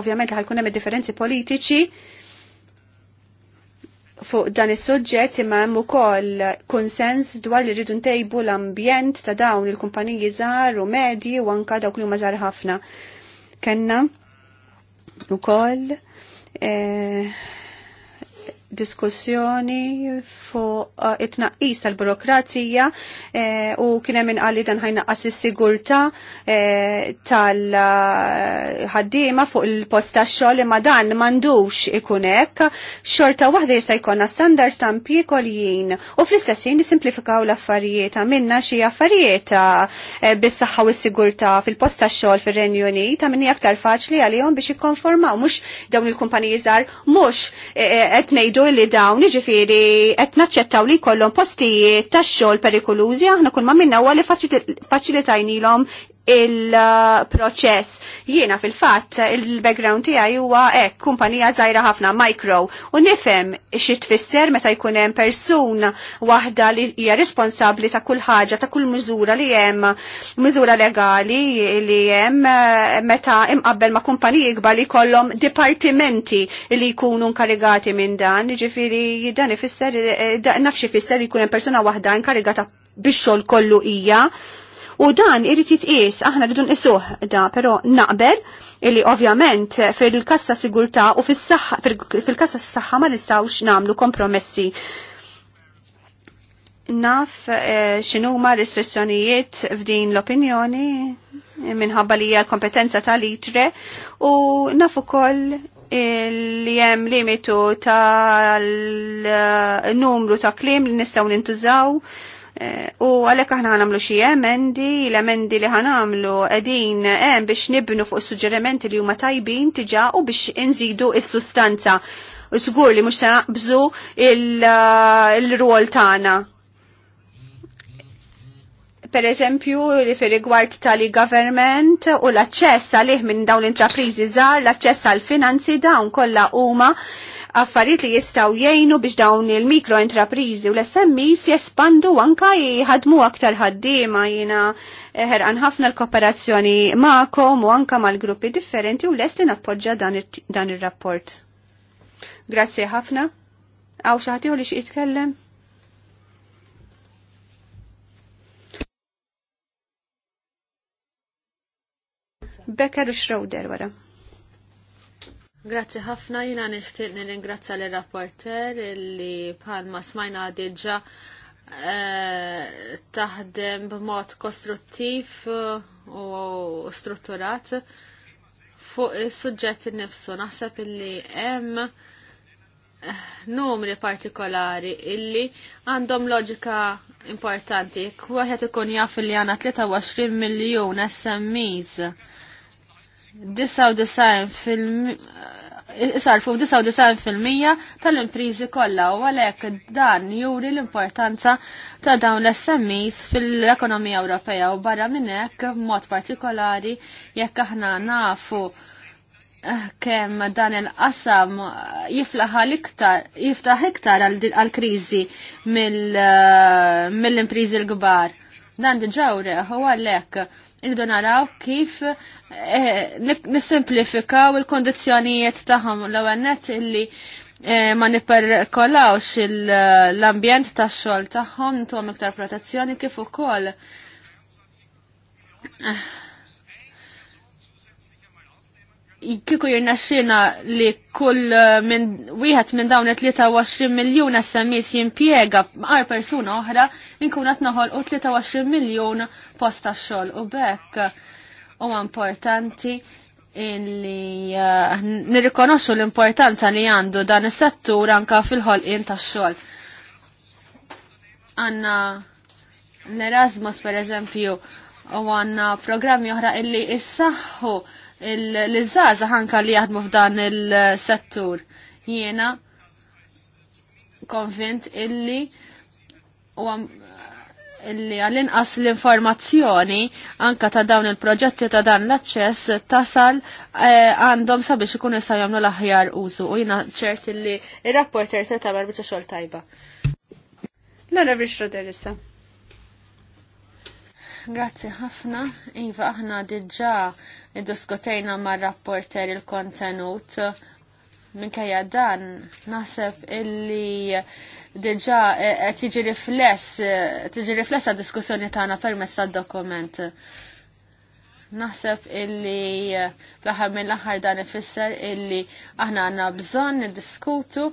Ovvjament li ħajkun hemm differenzi politiċi fuq dan is-suġġett imma hemm ukoll konsens dwar li rridu ntejbu l-ambjent ta' dawn il-kumpaniji żgħar u medji u anka dawk li huma żgħar ħafna. Kenna ukoll eh, diskussjoni fuq uh, it-tnaqqis tal-burokrazija eh, u kien hemm għalli dan ħajnaqqas is-sigurtà eh, tal-ħaddiema fuq il posta xoll xogħol imma dan m'għandux ikun hekk. Xorta waħda jista' jkollna standards ta' impjekoljin u fl-istess nisimplifikaw l-affarijiet għamilna xi affarijiet eh, bis-saħħa u sigurta sigurtà fil posta xoll xogħol fir-Renju Unit għamilni aktar faċli għalihom biex jikkonformaw mhux dawn il-kumpaniji żgħar mhux eh, eh, qed ngħidu jgħidu li dawn ġifiri qed naċċettaw li kollhom postijiet tax-xogħol perikolużi aħna kull ma minna huwa li faċilitajnilhom il-proċess. Jiena fil-fatt il-background tiegħi huwa hekk eh, kumpanija zaħira ħafna micro u nifhem xi tfisser meta jkun hemm persuna waħda li hija responsabbli ta' kull ħaġa ta' kull miżura li hemm miżura legali li hemm eh, meta imqabbel ma' kumpaniji ikbar li jkollhom dipartimenti li jkunu nkarigati minn dan, jiġifieri dan ifisser eh, nafx ifisser li jkun hemm persuna waħda inkarigata biex xogħol kollu hija U dan irrit jitqies aħna ridu nqisuh da, però naqbel illi ovvjament fil-kassa sigurtà u fil-kassa fil kassa s saħħa ma nistgħux nagħmlu kompromessi naf eh, xinu ma restrizzjonijiet f'din l-opinjoni minħabba li hija kompetenza tal-itre u naf ukoll li hemm limitu tal-numru eh, ta' klim li nistgħu nintużaw Eh, u għalek aħna għanamlu xie emendi, l-emendi li għanamlu edin em eh, biex nibnu fuq suġġerimenti li huma tajbin tiġa u biex inżidu il-sustanza. sgur li mux sanaqbżu il-rol eh, tana. tagħna. Per eżempju, li fir rigward tal-government u l-aċċess għalih minn dawn l intraprizi żgħar, l-aċċess għal finanzi dawn kollha huma affarijiet li jistaw jgħinu biex dawn il-mikro u l smis jespandu anka jħadmu aktar ħaddiema jina ħerqan ħafna l-kooperazzjoni ma'kom u anka mal-gruppi differenti u lest li nappoġġa dan ir-rapport. Grazzi ħafna. Għaw xaħtiħu li xie jitkellem? Becker u Schroeder wara. Grazzi ħafna jina nishtiq nirringrazzja l rapporter li bħalma smajna diġa e, taħdem b'mod kostruttiv u strutturat fuq is-suġġett innifsu. Naħseb illi hemm eh, numri partikolari illi għandhom loġika importanti. Kwaħet ikun jaf li għana 23 miljon SMEs. 99 fil sarfu 99% tal-imprizi kollha u għalhekk dan juri l-importanza ta' dawn l-SMEs fil-ekonomija Ewropea u barra minn hekk b'mod partikolari jekk aħna nafu eh, kemm dan il-qasam iktar jiftaħ iktar għal-kriżi eh, mill-imprizi l-kbar. Dan diġawre u għalhekk irridu naraw kif eh, nisimplifikaw il-kondizjonijiet tagħhom l-ewwel nett illi eh, ma nipperkollawx l-ambjent tax-xogħol tagħhom ntuhom iktar protezzjoni kif ukoll eh, kiku jirnaxxina li kull eh, minn wieħed minn dawn 23 miljun SMS jimpiega għar persuna oħra inkun qed u 23 miljun post tax-xogħol u bekk huwa importanti illi eh, nirrikonoxxu l-importanza li għandu dan is-settur anka fil-ħolqien tax-xogħol. Għandna l-Erasmus per eżempju u għanna programmi oħra illi issaħħu l-izzaza ħanka li jaħdmu f'dan il-settur. Jiena konvint illi u illi għallin inqas l-informazzjoni anka ta' dawn il-proġetti ta' dan l-aċċess tasal eh, għandhom sabiex ikun jistaw jagħmlu l-aħjar użu u jiena ċert illi il rapporter se ta' biċċa xogħol tajba. Lara biex roderissa. Grazzi ħafna, Iva aħna diġà niddiskutejna mar rapporter il-kontenut. Minkejja dan, naħseb illi diġa eh, eh, tiġi rifless, eh, tiġi rifless għad diskussjoni tagħna permezz tad-dokument. Naħseb illi l-aħħar mill-aħħar dan ifisser illi aħna għandna bżonn niddiskutu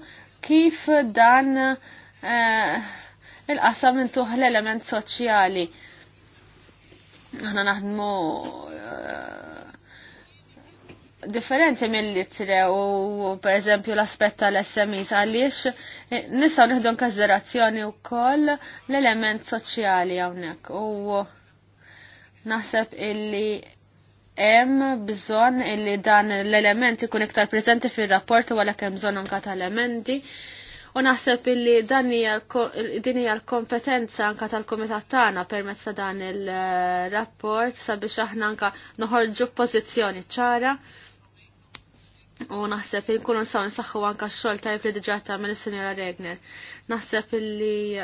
kif dan il-qasam intuħ l-element soċjali. Aħna naħdmu differenti mill-li u per eżempju l-aspett tal-SMIs għaliex eh, nistaw nħdu kazzerazzjoni u koll l-element soċjali għawnek u naħseb illi hemm bżonn illi dan l-element ikun iktar preżenti fir-rapport u għalhekk hemm bżonn anke tal-elementi u naħseb illi dan din hija l-kompetenza anka tal-kumitat tagħna permezz ta' dan il-rapport sabiex aħna anke noħorġu pożizzjoni ċara U naħseb il nkunu nsaw nsaxħu anka xol tajb li diġata mill sinjora Regner. Naħseb li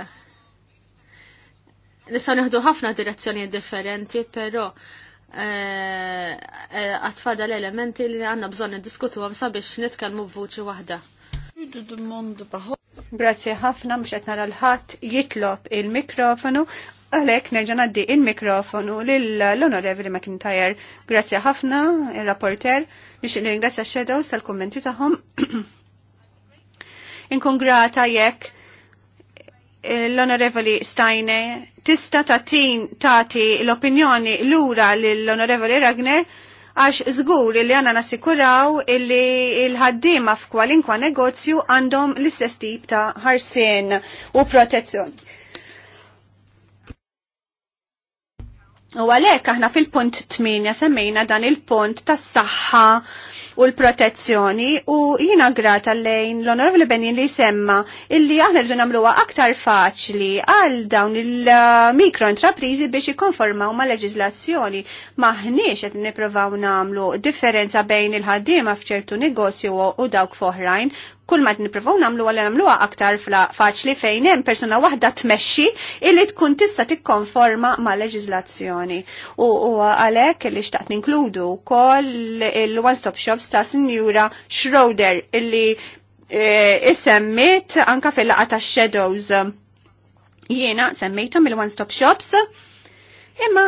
nistaw nieħdu ħafna direzzjoni differenti, però eh, eh, għatfada l-elementi li għanna bżon diskutu għam sabiex nitkalmu b'vuċi wahda. Grazie ħafna mxetna l-ħat jitlob il-mikrofonu Għalek nerġa' ngħaddi il-mikrofonu lill-Onorevoli McIntyre. Grazie ħafna il rapporter biex nirringrazzja ringrazja shadows tal-kummenti tagħhom. Inkun grata jekk l-Onorevoli Steiner tista tatin tati l-opinjoni lura l-Onorevoli Ragner għax zgur li għana nasikuraw illi il-ħaddima f'kwalinkwa negozju għandhom l-istess tip ta' ħarsien u protezzjoni. U għalek aħna fil-punt 8 semmejna dan il-punt tas saħħa u l-protezzjoni u jina grata lejn l-onorevoli Benin li semma illi aħna rridu nagħmluha aktar faċli għal dawn il-mikro intraprizi biex ikkonformaw ma' leġiżlazzjoni. Maħniex qed nippruvaw nagħmlu differenza bejn il-ħaddiema f'ċertu negozju u dawk foħrajn kull ma niprofaw namlu għalli namluwa aktar faċli fejn hemm persuna waħda tmexxi illi tkun tista' tikkonforma ma' leġizlazzjoni. U għalhekk li xtaqt ninkludu wkoll il-one-stop shops ta' Sinjura Schroeder illi e, issemmit anka fil-laqa ta' Shadows. Jiena semmejtom il-one-stop shops imma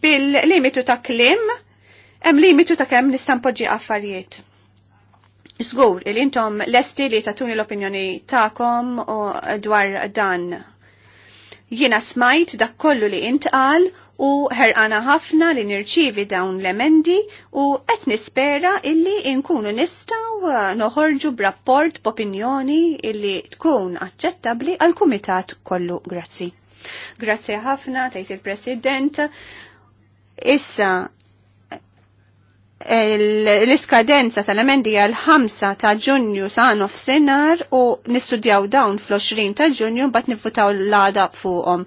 bil-limitu ta' klim hemm limitu ta' kemm nistampoġġi affarijiet Zgur, il-intom lesti li tatuni l-opinjoni ta'kom dwar dan. Jina smajt dak kollu li intqal u ħerqana ħafna li nirċivi dawn l-emendi u qed nispera illi inkunu nistaw noħorġu b'rapport b'opinjoni illi tkun aċċettabbli għal kumitat kollu. Grazzi. Grazzi ħafna, tajt il-President. Issa l-iskadenza tal-emendi għal-5 ta' ġunju sa' nofsinar u nistudjaw dawn fl-20 ta' ġunju bat nifutaw l-għada fuqom.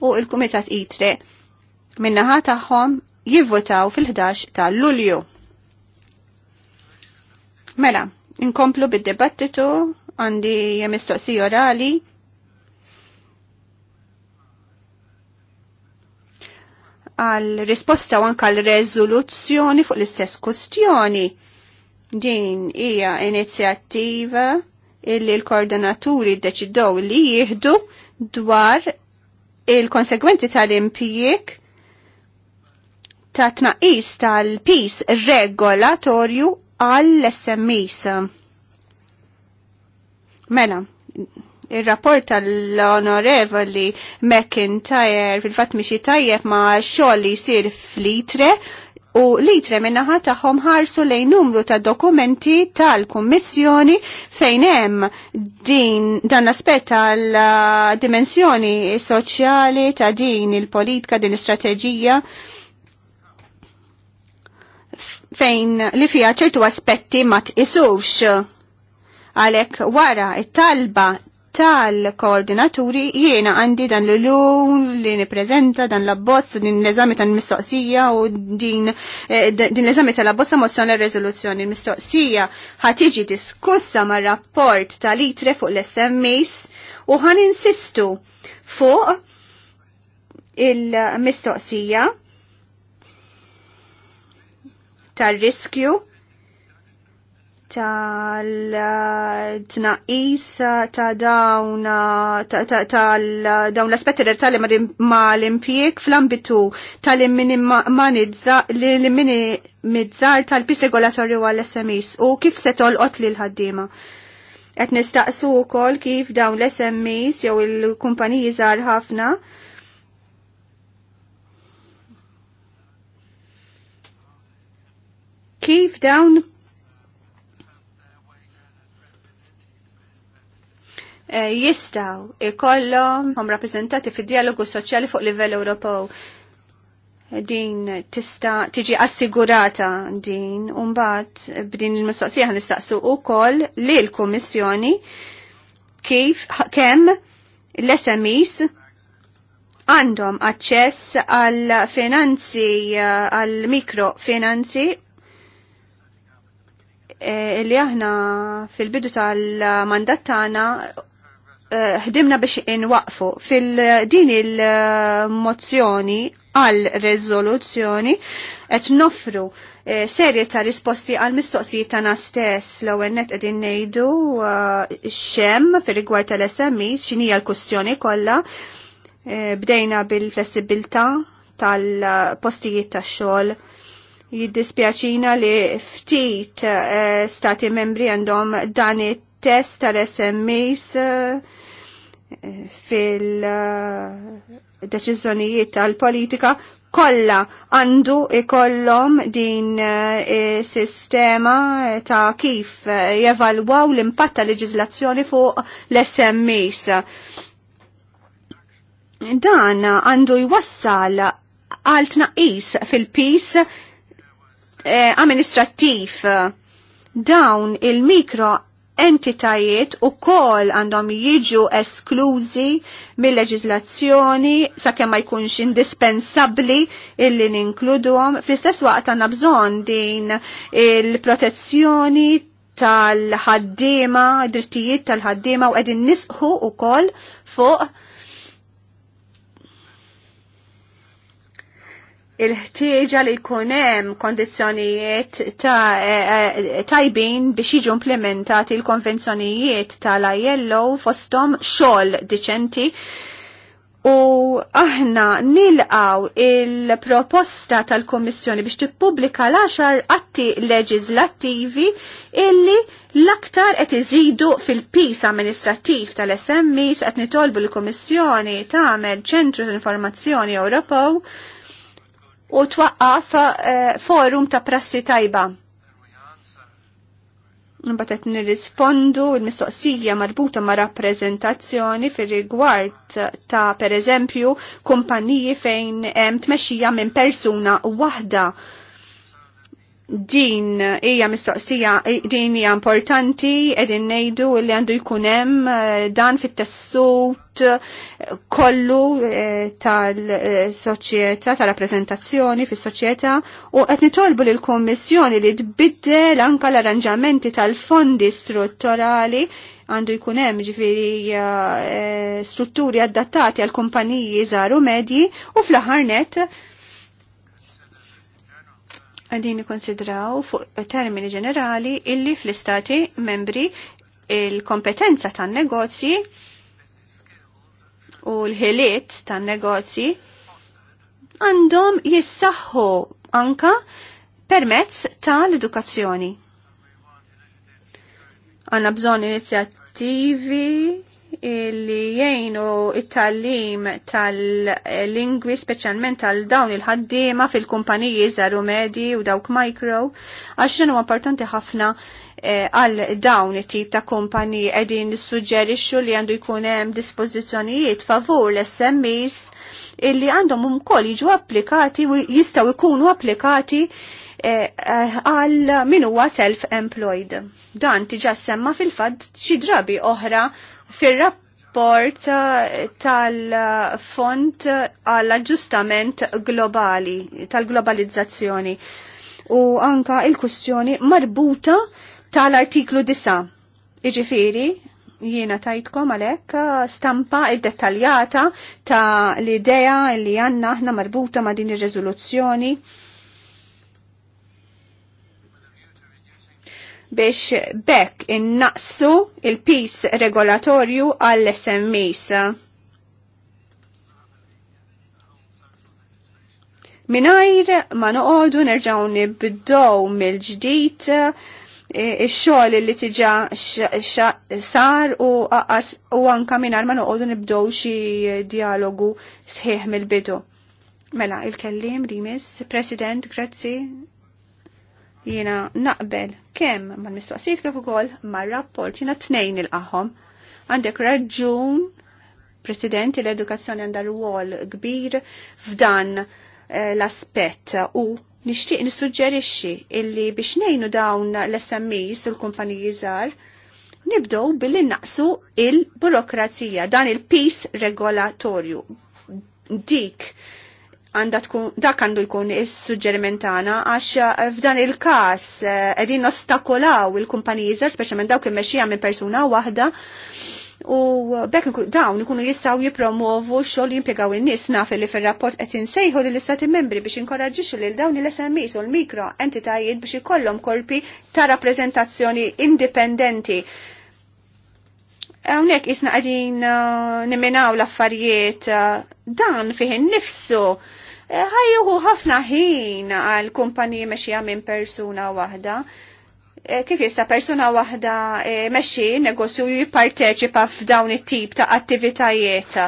U il-Kumitat ITRE minnaħa taħħom jivvotaw fil-11 ta' Lulju. Mela, inkomplu bid-debattitu għandi mistoqsi orali għal risposta u anka għal rezoluzzjoni fuq l-istess kustjoni. Din hija inizjattiva illi l-koordinaturi deċidow li jihdu dwar il konsegwenti tal-impjek ta' tnaqis tal-pis regolatorju għall-SMIs. Mela, il-rapport tal-onorevoli McIntyre fil-fat miexi tajjeb ma xoll li jisir flitre u litre minnaħa taħħom ħarsu lejn numru ta' dokumenti tal-Kummissjoni fejn hemm din dan l-aspett tal-dimensjoni soċjali ta' din il-politika din l-istrateġija fejn li fija ċertu aspetti ma tqisux għalek wara it-talba tal-koordinaturi jiena għandi dan l-lum li niprezenta dan l-abbozz din l-eżami tal-mistoqsija u din, eh, din l-eżami tal-abbozz mozzjoni e rezoluzjoni mistoqsija ħatiġi diskussa ma' rapport tal-itre fuq l sms u ħan insistu fuq il-mistoqsija tal-riskju tal-tnaqis ta' dawn tal-dawn l-aspetti rettali ma' l-impjek fl-ambitu tal-minimizzar tal-pis regolatorju għall-SMIs u kif se tolqot li l-ħaddima. Et nistaqsu wkoll kif dawn l-SMIs jew il-kumpaniji żgħar ħafna kif dawn Eh, jistaw ikollom hom rappreżentati fid-dialogu soċjali fuq livell Ewropew. Din tista' tiġi assigurata din u mbagħad b'din il-mistoqsija nistaqsu wkoll li l-Kummissjoni kif kemm l-SMEs għandhom aċċess għal finanzi għal mikrofinanzi eh, li aħna fil-bidu tal-mandat tagħna Eh, ħdimna biex inwaqfu fil-din il-mozzjoni għal rezoluzzjoni qed nofru e, serje ta' risposti għal mistoqsijiet tagħna stess l-ewwel net qegħdin ngħidu eh, xem fil rigward tal-SMI x'inija l-kustjoni kollha e, bdejna bil-flessibilità tal-postijiet tax-xogħol jiddispjaċina li ftit e, stati membri għandhom dan it test tal-SMEs eh, fil-deċizzjonijiet eh, tal-politika kolla għandu ikollhom din eh, sistema ta' kif jevalwaw l-impatt ta' leġizlazzjoni fuq l-SMEs. Dan għandu jwassal għal tnaqis fil-pis amministrattiv dawn il-mikro entitajiet u kol għandhom jiġu esklużi mill-leġizlazzjoni sakemm ma jkunx indispensabbli illi ninkluduhom. Fl-istess waqt għandna bżonn din il-protezzjoni tal-ħaddiema, drittijiet tal-ħaddiema u qegħdin u ukoll fuq il-ħtieġa li jkun hemm kondizzjonijiet ta' eh, eh, tajbin biex jiġu implementati l-konvenzjonijiet tal-ILO fosthom xogħol diċenti U aħna nilqaw il-proposta tal kummissjoni biex tippubblika l-10 atti leġislattivi illi l-aktar qed iżidu fil-pis amministrattiv tal-SMI su qed nitolbu l kummissjoni tagħmel ċentru tal-Informazzjoni Ewropew u twaqqaf eh, forum ta' prassi tajba. Nbatet nirrispondu l-mistoqsija marbuta ma' rappresentazzjoni fir rigward ta' per eżempju kumpaniji fejn hemm tmexxija minn persuna waħda din hija mistoqsija din hija importanti qegħdin ngħidu li għandu jkun hemm eh, dan fit-tessut kollu eh, tal-soċjetà tal-rappreżentazzjoni fis-soċjetà u qed nitolbu lill kummissjoni li tbiddel anke l-arranġamenti tal-fondi strutturali għandu jkun hemm ġifieri eh, strutturi adattati għal kumpaniji żgħar u medji u fl-aħħar net għandin konsidraw fuq termini ġenerali illi fl-istati membri il-kompetenza tan negozji u l-ħiliet tan negozji għandhom jissaħħu anka permezz tal-edukazzjoni. Għanna bżon inizjattivi li jgħinu it-tallim tal-lingwi speċjalment tal dawn il-ħaddiema fil-kumpaniji żaru medji u dawk micro għax huwa importanti ħafna eh, għal dawn it-tip ta' kumpaniji edin nissuġġerixxu li għandu jkun hemm dispożizzjonijiet favur l-SMEs illi għandhom ukoll jiġu applikati u jistgħu jkunu applikati eh, għal min huwa self-employed. Dan tiġa semma fil-fatt xi drabi oħra fir-rapport eh, tal-Fond eh, għall-Aġġustament Globali, tal-Globalizzazzjoni u anka il-kustjoni marbuta tal-artiklu 9. Iġifiri, jiena tajtkom għalek eh, stampa id-detaljata ta' l-idea li għanna aħna marbuta ma' din ir-rezoluzzjoni biex bekk innaqsu il-pis regolatorju għall-SMEs. Minajr ma noqodu nerġaw nibdow mill-ġdid e, ix-xogħol li tiġa sar u u anka mingħajr ma noqogħdu nibdow xi dialogu sħiħ mill-bidu. Mela, il-kellim, Rimis, President, grazzi, Jiena naqbel kemm mal-mistoqsijiet kif ukoll mar-rapport jiena tnejn il-qahom. Għandek raġun President l-edukazzjoni għandha rwol kbir f'dan eh, l-aspett u nixtieq nissuġġerixxi illi biex ngħinu dawn l-SMEs il-kumpaniji żgħar nibdow billi naqsu il-burokrazija, dan il-pis regolatorju. Dik għanda tkun, dak għandu jkun is-suġġerimentana għax eh, f'dan il-kas edin eh, ostakolaw il-kumpaniji żgħar speċjalment dawk immexxija minn persuna waħda u bekk dawn ikunu jistgħu jippromovu xogħol jimpjegaw in-nies naf li fir-rapport qed insejħu lill istati membri biex inkoraġġixxu lil dawn il-SMEs u l-mikro entitajiet biex ikollhom korpi ta' rappreżentazzjoni indipendenti Hawnhekk jisna għadin uh, eh, niminaw l-affarijiet uh, dan fih nifsu Eh, Ħajjuħu ħafna ħin għal kumpaniji meċi minn persuna waħda. Eh, kif jista persuna waħda eh, meċi negozju jipparteċipa f'dawn it-tip ta' attivitajiet?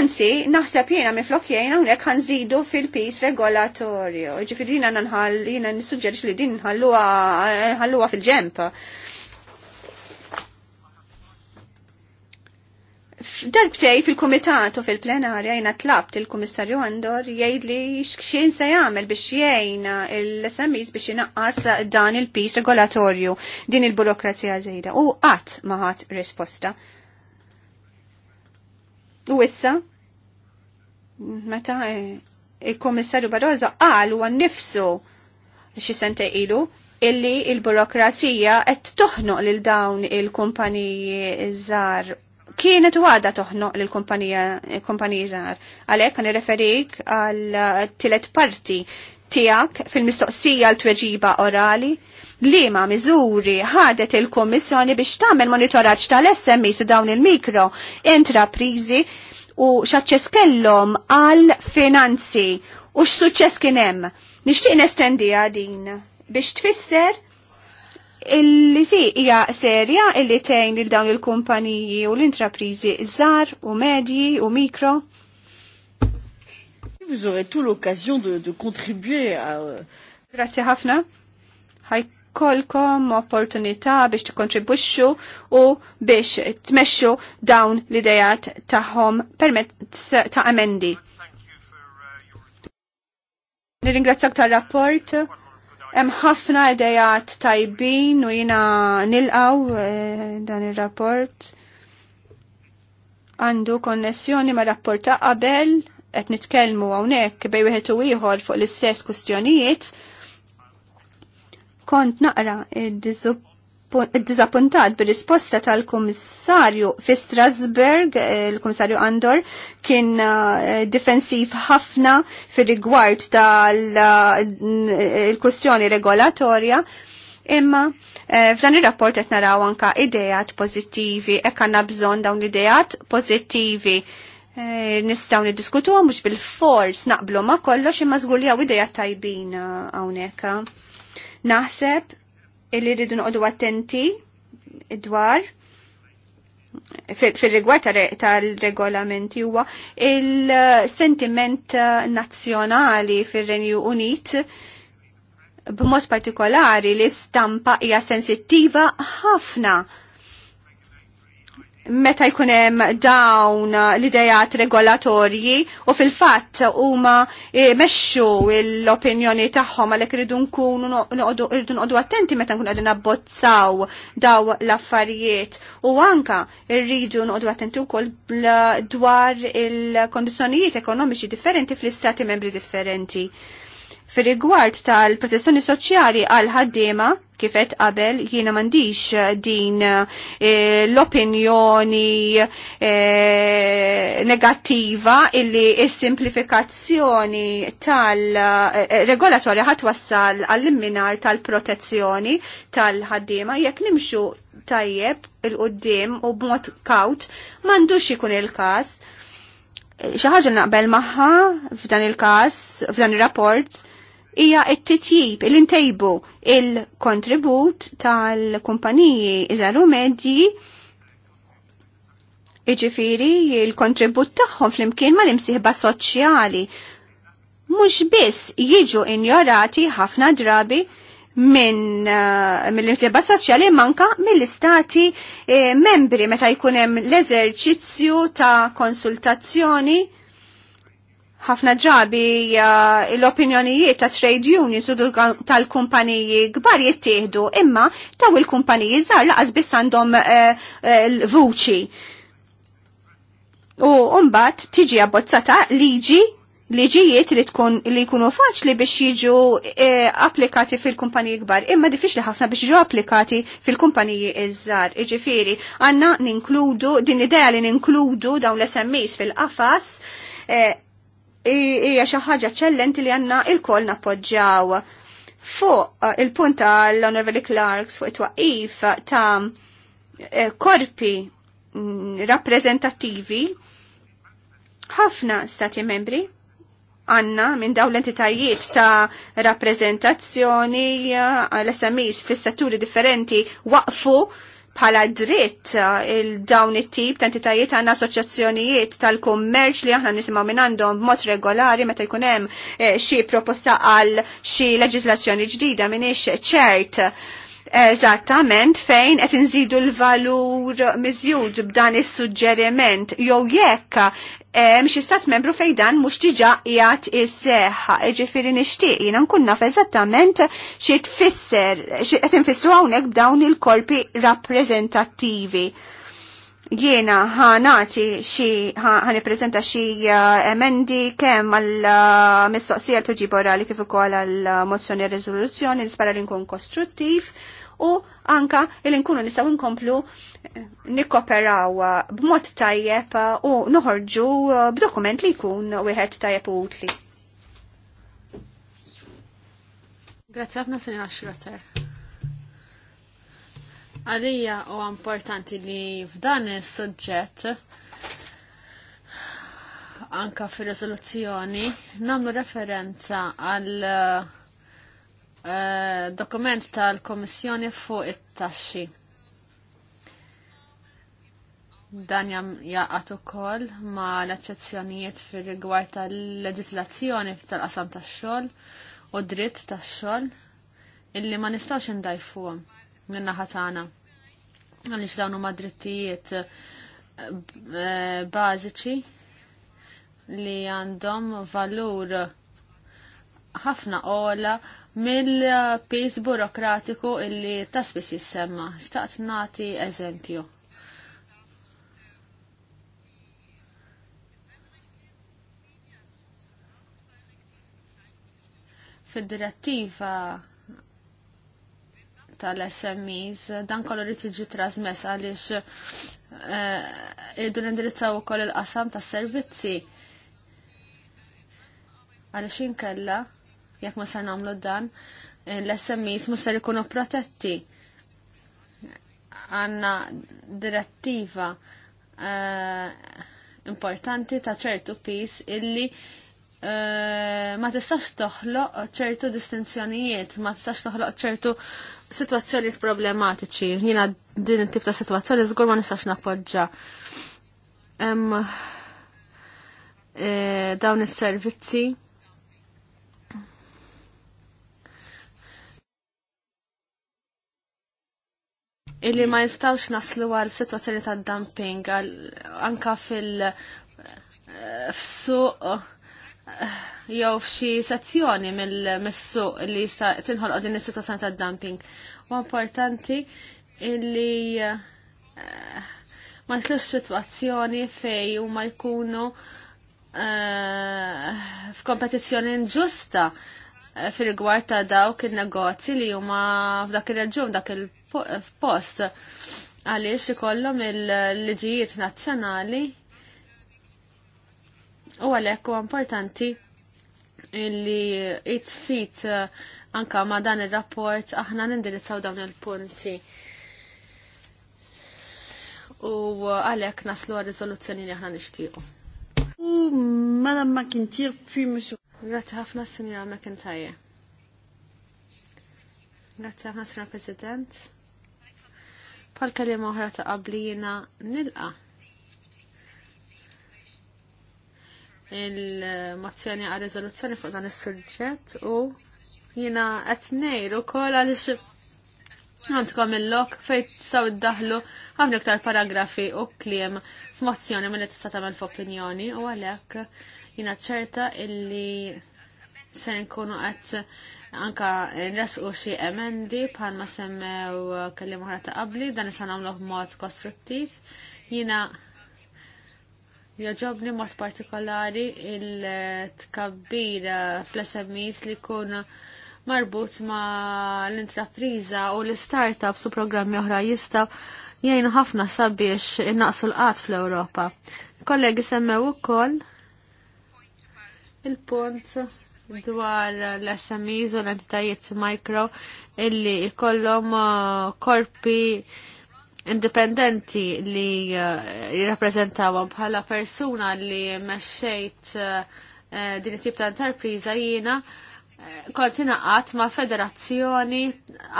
Anzi, naħseb jena miflok jena unek għanżidu fil-pis regolatorju. Ġifiri jena nħal, jena nissuġġerix li din nħalluwa fil ġempa Darbtej fil-komitatu fil-plenarja jina tlabt il-komissarju Andor jgħid li xin se jagħmel biex jgħina l-SMIs biex jinaqqas dan il-pis regolatorju din il-burokrazija żejda u qatt maħat risposta. U issa meta eh, il-komissarju Barroso qal huwa nnifsu xi sente ilu illi il-burokrazija qed toħnoq lil dawn il-kumpaniji żgħar kienet u għada toħnoq l-kumpaniji żgħar. Għalhekk għan referik għal tilet parti tiegħek fil-mistoqsija l-tweġiba orali li ma miżuri ħadet il komissjoni biex tagħmel monitoraġġ tal-SMI su dawn il-mikro intraprizi u xaċċess kellhom għal finanzi u x'suċċess kien hemm. Nixtieq nestendija din biex tfisser illi si hija serja illi tgħin lil dawn il-kumpaniji u l-intrapriżi żgħar u medji u mikro. Vous aurez tout l'occasion de, de contribuer à... Grazie ħafna. Ħajkolkom opportunità biex tikkontribwixxu u biex tmexxu dawn l-idejat tagħhom permezz ta' emendi. Nirringrazzjak tar-rapport Hemm ħafna idejat tajbin u jina nilqaw eh, dan ir-rapport għandu konnessjoni ma' rapport ta' qabel qed nitkellmu hawnhekk bej wieħed u ieħor fuq l-istess kustjonijiet kont naqra id-diżupp dizappuntat bil-risposta tal-Kummissarju fi Strasburg, eh, il-Kummissarju Andor, kien eh, difensiv ħafna fir rigward tal-kustjoni eh, regolatorja, imma f'dan ir-rapport qed naraw anka idejat pożittivi, hekk għandna bżonn dawn idejat pożittivi nistaw niddiskutu mhux bil-fors naqblu ma kollox imma żgur li hawn idejat tajbin hawnhekk. Naħseb illi rridu noqogħdu attenti dwar fil-rigward tal-regolamenti huwa il-sentiment eh, nazzjonali fir-Renju Unit b'mod partikolari li stampa hija sensittiva ħafna meta jkun hemm dawn l-idejat regolatorji u fil-fatt huma eh, meċxu l-opinjoni tagħhom għalhekk iridu nkunu irridu noqogħdu attenti meta nkunu qegħdin abbozzaw daw l-affarijiet u anka rridu noqogħdu attenti wkoll dwar il-kondizzjonijiet ekonomiċi differenti fl-istati membri differenti. fil rigward tal-protezzjoni soċjali għal ħaddiema kifet qabel jiena m'għandix eh, din eh, l-opinjoni negativa eh, negattiva illi il simplifikazzjoni tal-regolatorja ħadd wassal għall-imminar tal-protezzjoni tal-ħaddiema jekk nimxu tajjeb il-qoddim u b'mod kaut m'għandux ikun il-każ xi ħaġa naqbel magħha f'dan il-każ f'dan ir-rapport hija t-titjib il-intejbu il-kontribut tal-kumpaniji iżaru medji iġifiri il-kontribut tagħhom fl-imkien ma l-imsieħba soċjali mhux biss jiġu injorati ħafna drabi minn eh, mill-imsieħba soċjali manka mill-istati eh, membri meta jkun hemm l-eżerċizzju ta' konsultazzjoni ħafna ġabi uh, l-opinjonijiet ta' trade unions u tal-kumpaniji gbar jittieħdu imma taw il-kumpaniji żgħar laqas biss għandhom uh, uh, l-vuċi. U mbagħad tiġi abbozzata liġi liġijiet li tkun li jkunu faċli biex jiġu applikati fil-kumpaniji kbar, imma diffiċli ħafna biex jiġu applikati fil-kumpaniji iż-żar. Iġifieri, għandna ninkludu din idea li ninkludu dawn l-SMEs fil-qafas hija xi ħaġa eċċellenti li għandna il-koll nappoġġjaw. Fuq eh, il-punt l honorable Clarks fuq it-twaqif ta' eh, korpi mm, rappreżentattivi ħafna stati membri għanna minn daw l-entitajiet ta' rappresentazzjoni eh, l-SMIs fis setturi differenti waqfu bħala dritt eh, il-dawn it-tip ta' entitajiet għandna assoċjazzjonijiet tal-kummerċ li aħna nisimgħu minn għandhom b'mod regolari meta jkun hemm eh, xi proposta għal xi leġislazzjoni ġdida m'iniex ċert eżattament fejn qed inżidu l-valur miżjud b'dan is-suġġeriment jew jekk hemm xi stat membru fejn dan mhux diġà qiegħed isseħħa, jiġifieri nixtieq jina nkun naf eżattament xi tfisser xi qed infissru hawnhekk b'dawn il-korpi rappreżentattivi jiena ħanati xi nippreżenta xi eh, emendi kemm għal eh, mistoqsija l tuġib orali kif ukoll għal mozzjoni e riżoluzzjoni nispara li nkun kostruttiv u anka il nkunu nistgħu nkomplu eh, nikkoperaw eh, b'mod tajjeb eh, u noħorġu b'dokument li jkun wieħed tajjeb u utli. Grazzi ħafna sinja Schrotter. Għalija u importanti li f'dan is-suġġett anka fir rezoluzzjoni nagħmlu referenza għal uh, Eh, dokument tal-Komissjoni fuq it-taxxi. Dan jaqat ukoll ma l-eċċezzjonijiet fir-rigward tal-leġislazzjoni tal-qasam tax-xogħol u dritt tax-xogħol illi ma nistgħux indajfuhom min-naħa tagħna. Għaliex dawn huma drittijiet eh, bażiċi li għandhom valur ħafna ola mill-pis burokratiku illi taspis jissemma. Xtaqt nati eżempju. Fid-direttiva tal-SMEs dan kollu rrid jiġi trasmess għaliex eh, irridu nindirizzaw ukoll il-qasam tas-servizzi għaliex inkella kella jekk ma sar nagħmlu dan, eh, l-SMEs mhux ser ikunu protetti. Għandna direttiva eh, importanti ta' ċertu pis illi eh, ma tistax toħloq ċertu distinzjonijiet, ma tistax toħloq ċertu situazzjoni problematiċi. Jina din it-tip ta' situazzjoni żgur ma nistax nappoġġa. dawn is-servizzi illi ma jistawx naslu għal situazzjoni ta' dumping għal anka fil eh, f'suq eh, jew f'xi sezzjoni mill-suq li jista' tinħolq din is-sitwazzjoni ta' dumping. U importanti illi eh, ma tlux situazzjoni fej huma jkunu f'kompetizzjoni inġusta Eh, fil-gwar ta' dawk il negozi li huma f'dak il-reġun, dak il-post, għaliex ikollhom il-liġijiet nazzjonali u għalhekk huwa importanti illi it-fit eh, anka ma dan il-rapport aħna nindirizzaw dawn il-punti. U għalek naslu għal riżoluzzjoni li aħna nixtiequ. U Madam McIntyre, puis Monsieur. Grazzi ħafna Sinjora McIntyre. Grazzi ħafna Sinjora President. Pal li oħra ta' qablina nilqa. Il-mozzjoni għal riżoluzzjoni fuq dan is-suġġett u jina qed ngħid ukoll għaliex għandkom il-lok fejn tistgħu iddaħlu ħafna iktar paragrafi u kliem f'mozzjoni milli tista' tagħmel f'opinjoni u għalhekk Jina ċerta illi se nkunu qed anka nresqu xi emendi bħalma semmew kelliem oħra ta' qabli dan issa nagħmlu mod kostruttiv. Jina joġobni mod partikolari il-tkabbira fl-SMEs li kun marbut ma l-intrapriza u l-startups u programmi oħra jistaw jgħinu ħafna sabiex innaqsu l-qat fl-Europa. Kollegi semmew ukoll il-punt dwar l-SMEs u l-entitajiet mikro illi ikollhom uh, korpi indipendenti li uh, jirrappreżentawhom bħala persuna li mexxejt uh, din it-tip ta' interpriża jiena kont inaqat ma' federazzjoni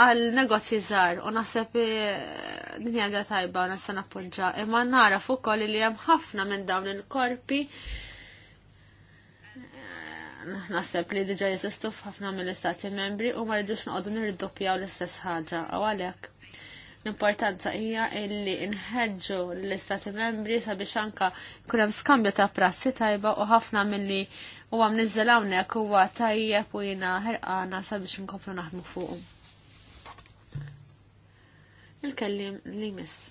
għal negozji żgħar u naħseb din hija tajba u nista' nappunġa imma nara fuq ukoll li hemm ħafna minn dawn il-korpi naħseb li diġa jesistu f'ħafna mill-istati membri u ma rridux noqogħdu nirriddoppjaw l-istess ħaġa u għalhekk l-importanza hija illi nħeġġu l-istati membri sabiex anka jkun hemm skambju ta' prassi tajba u ħafna milli huwa mniżżel hawnhekk huwa tajjeb u jiena ħerqana sabiex nkomplu naħdmu fuqhom. Il-kellim li miss.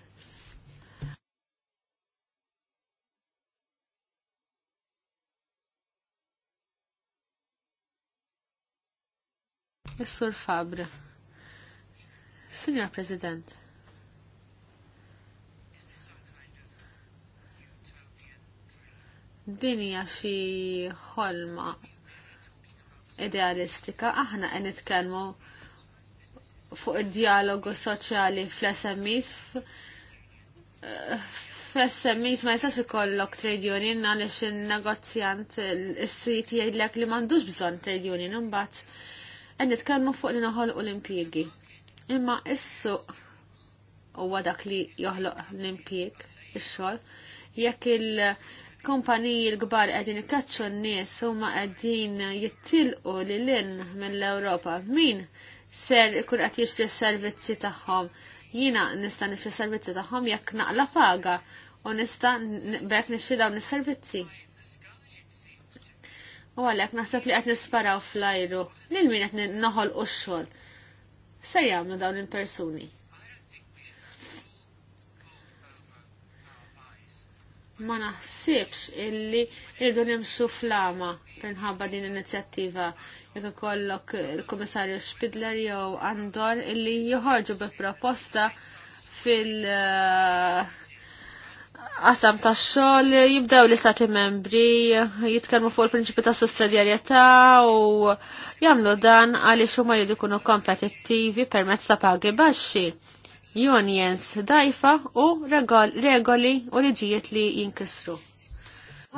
is Fabre. Signor President. Dini xi ħolma idealistika, aħna qed nitkellmu fuq id-dialogu soċjali fl Fl-SMIS ma jisaxi ikollok trade union għaliex in-negozjant is-sit jgħidlek li m'għandux bżonn trade union imbagħad qed nitkellmu fuq li noħolqu l-impjiegi. Imma issu u huwa dak li joħloq l impjeg ix-xogħol jekk il-kumpaniji l-kbar qegħdin ikkaċċu n-nies huma qegħdin jittilqu lil in mill-Ewropa. Min ser ikun qed jixtri s-servizzi tagħhom? Jina nista' nixtri s-servizzi tagħhom jekk naqla paga u nista' bekk nixtri dawn is-servizzi. U għalek naħseb li qed nisparaw flajru lil min qed noħol u xogħol. Se jagħmlu dawn il-persuni. Ma naħsibx illi rridu nimxu flama nħabba din l-inizjattiva jekk ikollok il-Kummissarju Spidler jew Andor illi joħorġu bi proposta fil- uh, qasam ta' xogħol jibdew l-istati membri jitkellmu fuq il-prinċipi ta' sussidjarjetà u jagħmlu dan għaliex huma jridu jkunu kompetittivi permezz ta' pagi baxxi, unions dajfa u regoli u liġijiet li jinkisru.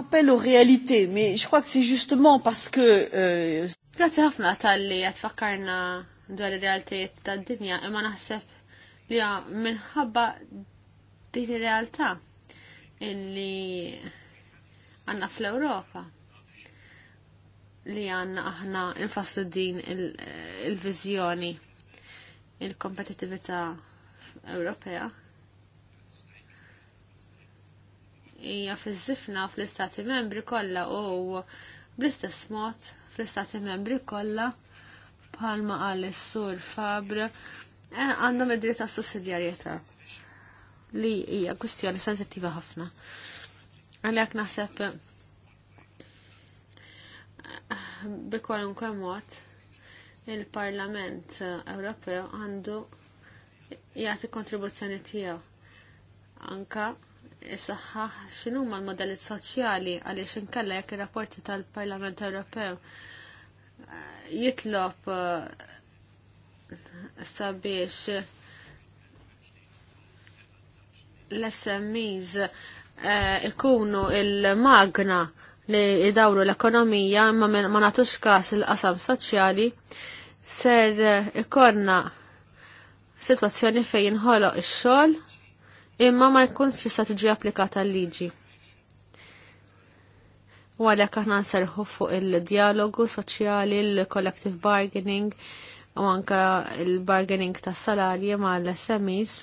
Appell u réalités, mais je crois que c'est justement parce que... Euh, Grazie ħafna tal-li għatfakarna dwar il-realtiet tad-dinja, imma naħseb li minħabba din ir-realtà illi għanna fl-Europa li għanna aħna infaslu din il-vizjoni il il-kompetitivita Ewropea hija fiż-żifna fl-istati membri kollha u bl-istess mod fl-istati membri kollha bħalma għal is-sur Fabr eh, għandhom id-dritt tas sussidjarjetà li hija kwistjoni sensittiva ħafna. Għalhekk naħseb bi kwalunkwe mod il-Parlament Ewropew għandu jagħti kontribuzzjoni tiegħu anka saħħa x'inhu l modelli soċjali għaliex inkella jekk ir-rapporti tal-Parlament Ewropew eh, jitlob eh, sabiex l-SMEs eh, ikunu il-magna li idawru l-ekonomija imma ma natux kas il-qasam soċjali ser ikonna situazzjoni fejn inħoloq ix-xogħol imma ma jkunx tista' tiġi applikata l-liġi. U għalhekk aħna nserħu fuq il-dialogu soċjali, il-collective bargaining u anka il-bargaining tas salarji ma l-SMEs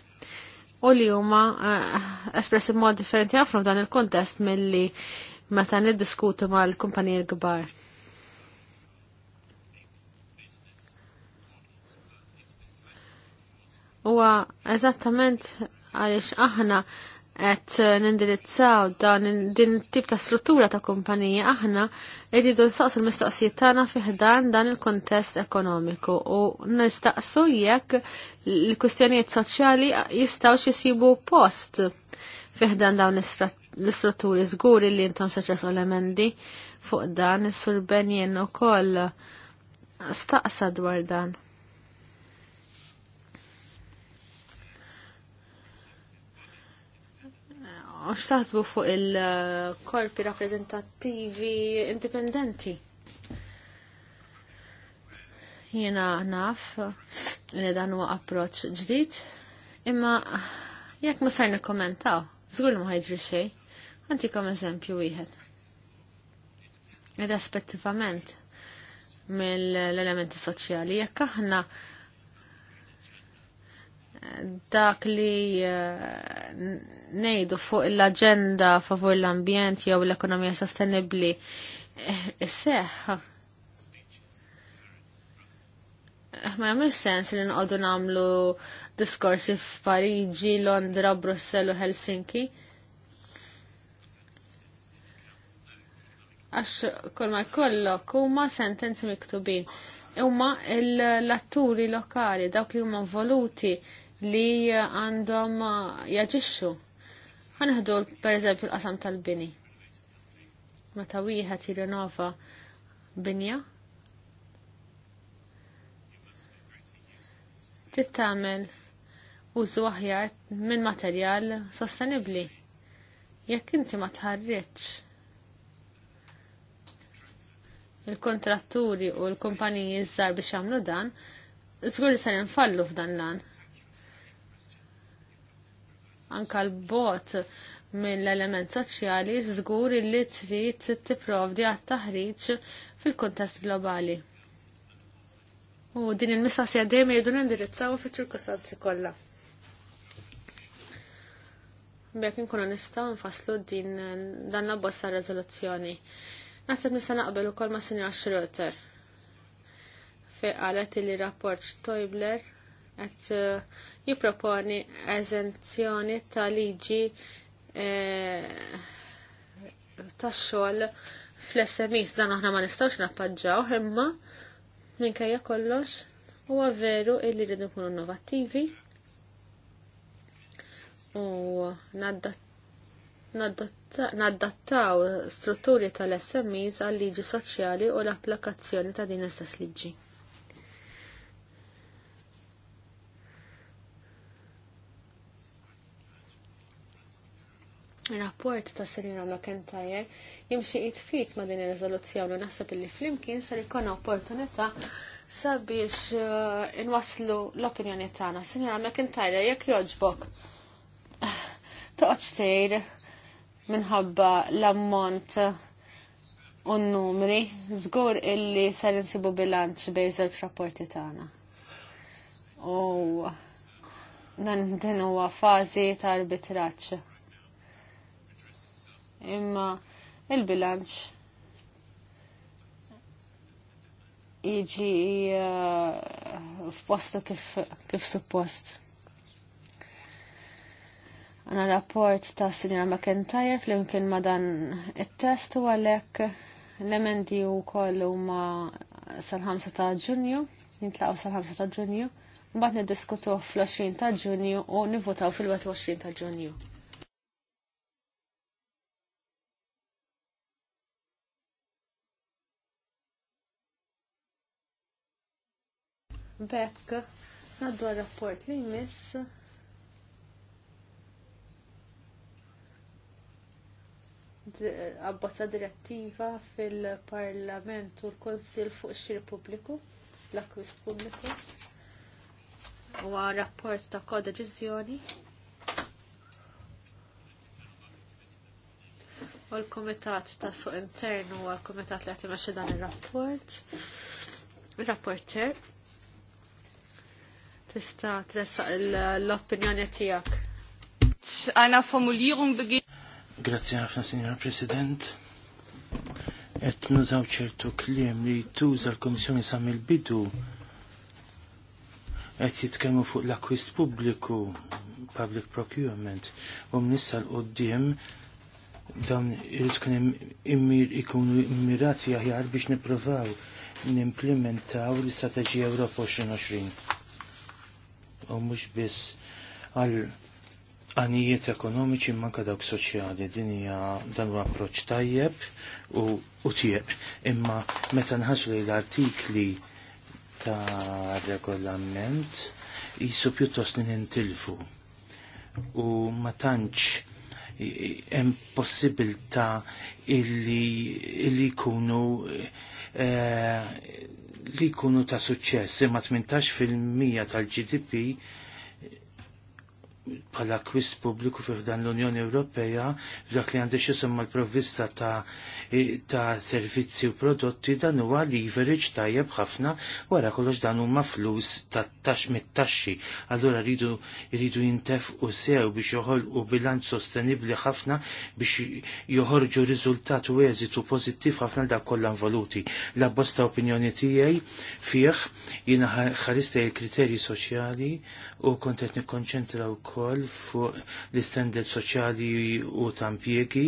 u li huma eh, espressi mod differenti ħafna f'dan il-kontest milli meta niddiskutu mal kumpanija l-kbar. Huwa eżattament għaliex aħna qed eh, nindirizzaw dan din tip ta' struttura ta' kumpanija aħna rridu nsaqsu l-mistoqsijiet tagħna fiħdan dan il-kontest ekonomiku u nistaqsu jekk l-kwistjonijiet soċjali jistgħu jisibu post fiħdan dawn l-istrutturi żguri li intom se emendi fuq dan is-surbenjen ukoll staqsa dwar dan. għax taħsbu fuq il-korpi rappresentativi indipendenti. Jena naf li dan huwa approċ ġdid, imma jekk ma sar kommentaw, żgur ma ħajġri għanti kom eżempju wieħed. Ed aspettivament mill-elementi soċjali, jekk aħna dak li eh, nejdu fuq l-agenda favur l-ambjent jew l-ekonomija sostenibli eh, seħ eh, ma jagħmel sens li nqogħdu nagħmlu diskorsi f'Pariġi, Londra, Brussell u Helsinki. Għax kolma ma jkollok huma sentenzi miktubin. Huma l-atturi lokali, dawk li huma voluti li għandhom uh, jaġixxu. Ħanaħdu per eżempju l-qasam tal-bini. Meta wieħed jirrinova binja, trid tagħmel użu aħjar minn materjal sostenibbli. Jekk inti ma tħarriġx il-kontratturi u l-kumpaniji żgħar biex jagħmlu dan, żgur li se nfallu f'dan l-an anka l-bot mill-element soċjali żgur illi trid tipprovdi għat-taħriġ fil-kuntest globali. U din il-mistaqsija dejjem jidun nindirizzaw fi ċirkostanzi kollha. Bekk inkunu nistgħu nfasslu din dan l-abbozza riżoluzzjoni. Naħseb nista' naqbel ukoll ma' Sinja Schroeter. Fe qalet li rapport Toibler qed eh, jipproponi eżenzjoni ta' liġi eh, tax xogħol fl smis dan aħna ma nistgħux nappaġġaw imma minkejja kollox huwa veru illi rridu nkunu innovattivi u naddattaw strutturi tal smis għal liġi soċjali u l-applikazzjoni ta' din istess liġi. rapport ta' Serena McIntyre jimxi jitfit ma' din ir rezoluzzjoni naħseb illi flimkien sar ikun opportunità sabiex uh, inwaslu l-opinjoni tagħna. Sinjora McIntyre, jekk joġbok, toqgħodx xtejr minħabba l-ammont u n-numri, żgur illi ser insibu bilanċ bejn żewġ rapporti tagħna. U dan din huwa fażi ta' arbitraġġ imma il-bilanċ jiġi uh, f'posta kif, kif suppost. Għana rapport ta' Sinjora McIntyre fl-imkien ma' dan il-test u għalek l-emendi u kollu ma' sal-5 ta' ġunju, jintlaqaw sal-5 ta' ġunju, mbagħad niddiskutu fl-20 ta' ġunju u nivvotaw fil-21 ta' ġunju. Bekk, naddu rapport li jmiss. Abbozza direttiva fil-Parlament u l-Konsil fuq xir pubbliku, l-akwis pubbliku. U rapport ta' ġizjoni. u l-Komitat ta' Suq Internu u l-Komitat li għatimaxi dan il-rapport. Il-rapporter tista' tressa l-opinjoni tiegħek. Għana formulierung begin. Grazzi ħafna, Signor President. Et nużaw ċertu kliem li tuża l-Komissjoni sa mill-bidu qed jitkellmu fuq l-akwist pubbliku public procurement u u l-qoddim dawn irid tkun immir ikunu immirati aħjar biex nippruvaw nimplementaw l-Istrateġija Ewropa 2020 u mhux biss għal għanijiet ekonomiċi manka dawk soċjali din hija dan huwa approċċ tajjeb u, u Imma meta nħaslu l-artikli ta' regolament jisu pjuttost li nintilfu u ma tantx hemm possibilità illi, illi jkunu eh, li jkunu ta' suċċess imma 18% tal-GDP bħala kwis pubbliku fih dan l-Unjoni Ewropea f'dak li għandix xisemma l-provvista ta', ta servizzi u prodotti dan huwa leverage tajjeb ħafna wara kollox dan huma flus ta' tax mit-taxxi. Allura rridu rridu jintef u sew biex joħolqu bilanċ sostenibbli ħafna biex joħorġu riżultat u eżitu pożittiv ħafna dak kollan involuti. La bosta opinjoni tiegħi fih jiena ħarista il kriterji soċjali u kontet nikkonċentra wkoll ukoll fuq l-istended soċjali u tampieki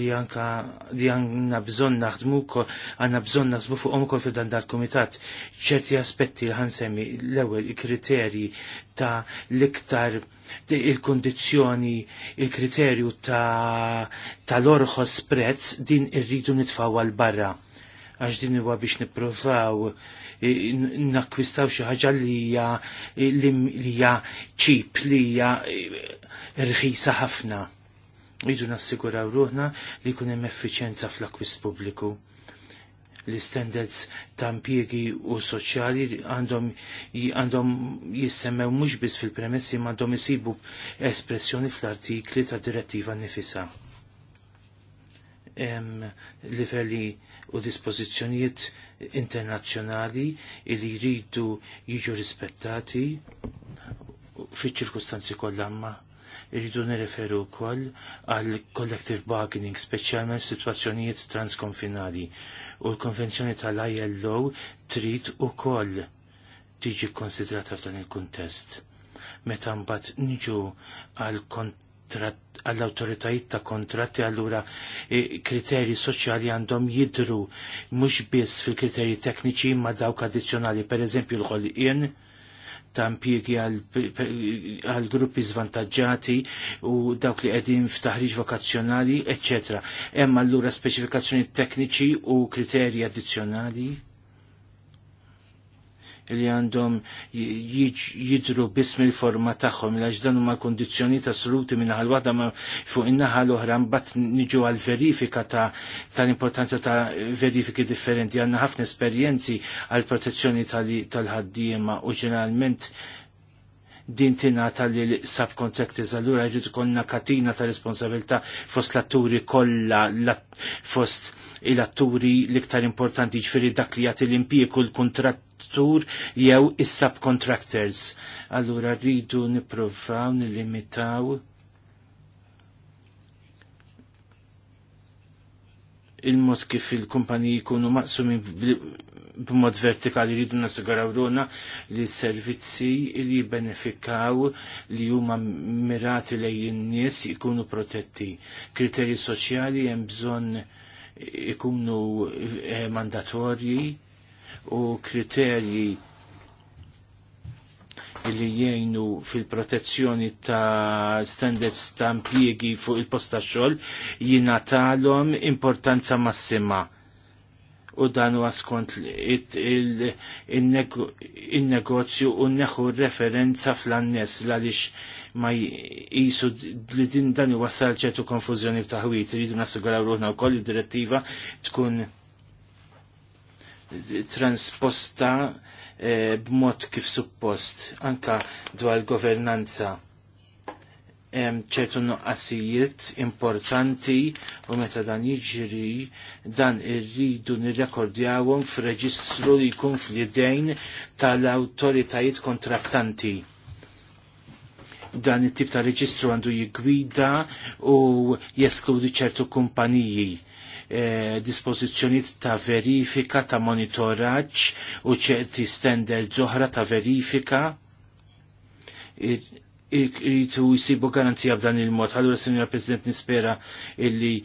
li anka li għandna bżonn naħdmu għandna bżonn naħdmu fuqhom ukoll fi dan dal-kumitat ċerti aspetti li ħansemmi l-ewwel kriterji ta' l-iktar il-kondizjoni, il-kriterju ta' tal-orħos prezz din irridu nitfaw għal barra għax din huwa biex nippruvaw nakkwistaw xi ħaġa li hija li hija ċip li hija eh, rħisa ħafna. Idu nassiguraw ruħna li jkun hemm effiċjenza fl-akkwist pubbliku l-standards ta' impjiegi u soċjali għandhom għandhom jissemmew mhux biss fil-premessi ma għandhom isibu espressjoni fl-artikli ta' direttiva nifisa. Em, livelli u dispożizzjonijiet internazzjonali li jridu jiġu rispettati fiċ ċirkustanzi kollamma. Irridu nireferu wkoll għal collective bargaining, speċjalment f'sitwazzjonijiet transkonfinali. U l-konvenzjoni tal-ILO trid ukoll tiġi konsidrata f'dan il-kuntest. Meta mbagħad niġu għal kont għall-autoritajiet ta' kontratti allura e, kriteri soċjali għandhom jidru mhux biss fil-kriteri tekniċi ma dawk addizzjonali, per eżempju l-ħolqien ta' impjiegi għal gruppi zvantagġati u dawk li qegħdin f'taħriġ vokazzjonali, eċċetera. Hemm allura speċifikazzjoni tekniċi u kriterji addizzjonali li għandhom jidru bism il-forma tagħhom għax dan huma kondizjoni ta' soluti minn ħal waħda fuq in-naħa l-oħra mbagħad niġu għal verifika ta' tal-importanza ta' verifiki differenti għanna ħafna esperjenzi għal protezzjoni tal-ħaddiema u ġeneralment din tinata li l-subcontractors allura jrid ikollna katina ta' responsabilità fost l-atturi kollha fost il-atturi l-iktar importanti ġifiri dak li jagħti l-impieku l-kontrattur jew is-subcontractors. Allura rridu nippruvaw nilimitaw il-mod kif il-kumpaniji jkunu maqsumin b'mod vertikali rridu nasigaraw runa li servizzi li jibbenefikaw li huma mirati lejn in-nies jkunu protetti. Kriterji soċjali hemm bżonn ikunu eh, mandatorji u kriterji li jgħinu fil-protezzjoni ta' standards ta' impjiegi fuq il-posta xogħol jingħatalhom importanza massima. U dan huwa skont il-negozju u neħu referenza fl-annes għaliex ma jisu li din dan wassal ċertu konfużjoni f'taħwit, rridu nassiguraw ruħna wkoll id-direttiva tkun transposta eh, b'mod kif suppost anka dwar governanza ċertu nuqqasijiet importanti u meta dan jiġri dan irridu nirrekordjawhom f'reġistru li jkun fl-idejn tal-awtoritajiet kontrattanti dan it-tip ta' reġistru għandu jigwida u jeskludi ċertu kumpaniji e, eh, dispozizjoniet ta' verifika, ta' monitoraġġ u ċerti standard zoħra ta' verifika irritu jisibu garanzija b'dan il-mod. Allura, Sinjora President, nispera illi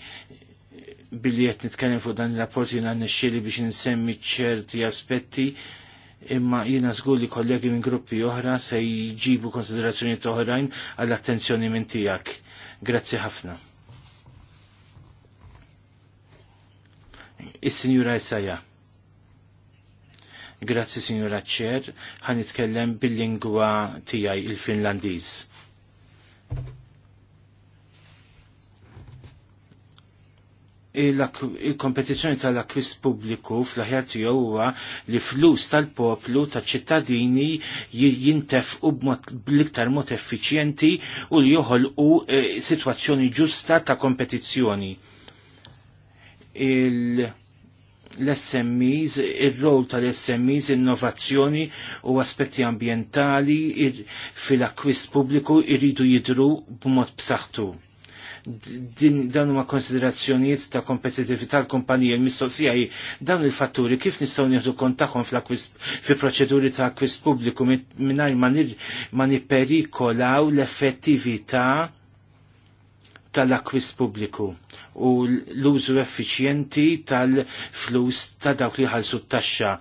billi jett nitkellem fuq dan il-rapport jiena nixxieli biex insemmi ċerti aspetti imma jina zgur li kollegi minn gruppi oħra se jġibu konsiderazzjoni oħrajn għall-attenzjoni minn tijak. Grazzi ħafna. Is-Sinjura Isaja. Grazzi Sinjura Ċer, ħan nitkellem bil-lingwa tijaj il-Finlandiż. il-kompetizjoni tal-akwist pubbliku fl-ħjar tiegħu huwa li flus tal-poplu taċ-ċittadini jintefqu bl-iktar mod effiċjenti u li joħolqu e, sitwazzjoni ġusta ta' kompetizzjoni. l-SMEs, il-rol tal-SMEs, innovazzjoni u aspetti ambientali fil-akwist pubbliku irridu jidru b'mod b'saħħtu din dawn huma konsiderazzjonijiet ta' kompetitività l-kumpanija mistoqsija hi dawn il-fatturi kif nistgħu nieħdu kont tagħhom fi proċeduri ta' akwist pubbliku mingħajr ma nipperikolaw l-effettività tal-akwist pubbliku u l-użu effiċjenti tal-flus ta' dawk li ħalsu t-taxxa.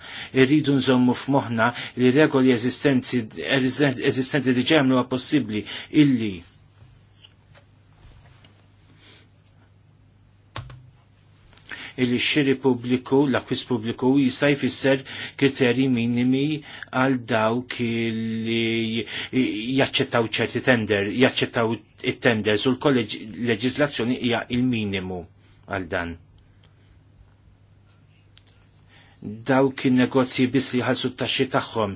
Irridu nżommu f'moħħna li regoli eżistenti li ġemlu possibbli illi il xiri pubbliku, l-akwis pubbliku jistaj jfisser kriterji minimi għal dawk li jaċċettaw ċerti tender, jaċċettaw it tender u l-kolleġ leġislazzjoni hija il-minimu għal dan dawk in negozji bis li ħalsu t-taxxi tagħhom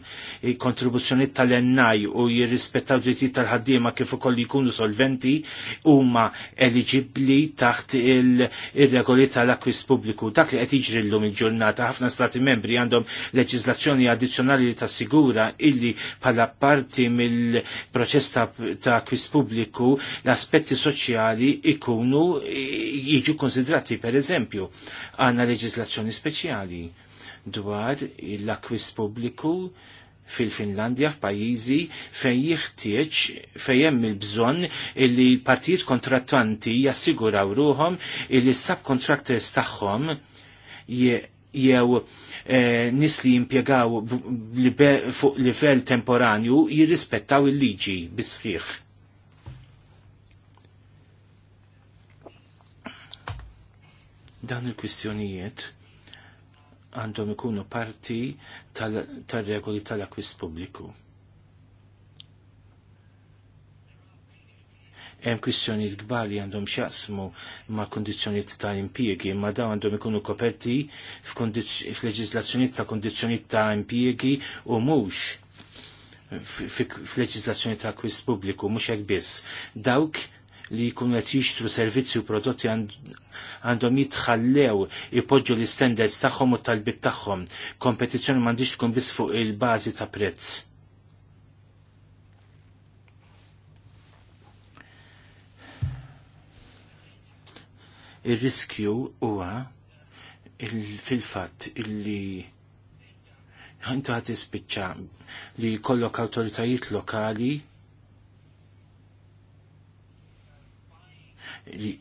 kontribuzzjoni tal-ennaj u jirrispettaw drittijiet tal-ħaddiema kif ukoll jkunu solventi huma eliġibbli taħt il-regoli tal-akwis pubbliku. Dak li qed jiġri llum il-ġurnata ħafna stati membri għandhom leġiżlazzjoni addizzjonali li tassigura illi bħala parti mill-proċess ta' akwist pubbliku l-aspetti soċjali ikunu jiġu konsidrati per eżempju għandna leġiżlazzjoni speċjali dwar l-akwis pubbliku fil-Finlandja f'pajjiżi fejn jeħtieġ fejn hemm il-bżonn illi partijiet kontrattanti jassiguraw ruhom illi subcontractors tagħhom jew e, eh, nis li jimpiegaw fuq livell temporanju jirrispettaw il-liġi bisħiħ. Dan il-kwistjonijiet għandhom ikunu parti tal-regoli tal tal-akwist pubbliku. hemm kwistjonijiet kbar li għandhom xjaqsmu ma' kondizzjonijiet ta' impjiegi, ma' daw għandhom ikunu koperti f'leġiżlazzjonijiet ta' kondizzjonijiet ta' impjiegi u mhux f'leġiżlazzjoni ta' kwist pubbliku mhux hekk biss. Dawk li jkun qed jixtru servizzi u prodotti għandhom jitħallew ipoġġu l-standards tagħhom u talbit tagħhom. Kompetizzjoni m'għandix tkun biss fuq il-bażi ta' prezz. Ir-riskju huwa fil-fatt illi ħanta ħat ispiċċa li jkollok awtoritajiet lokali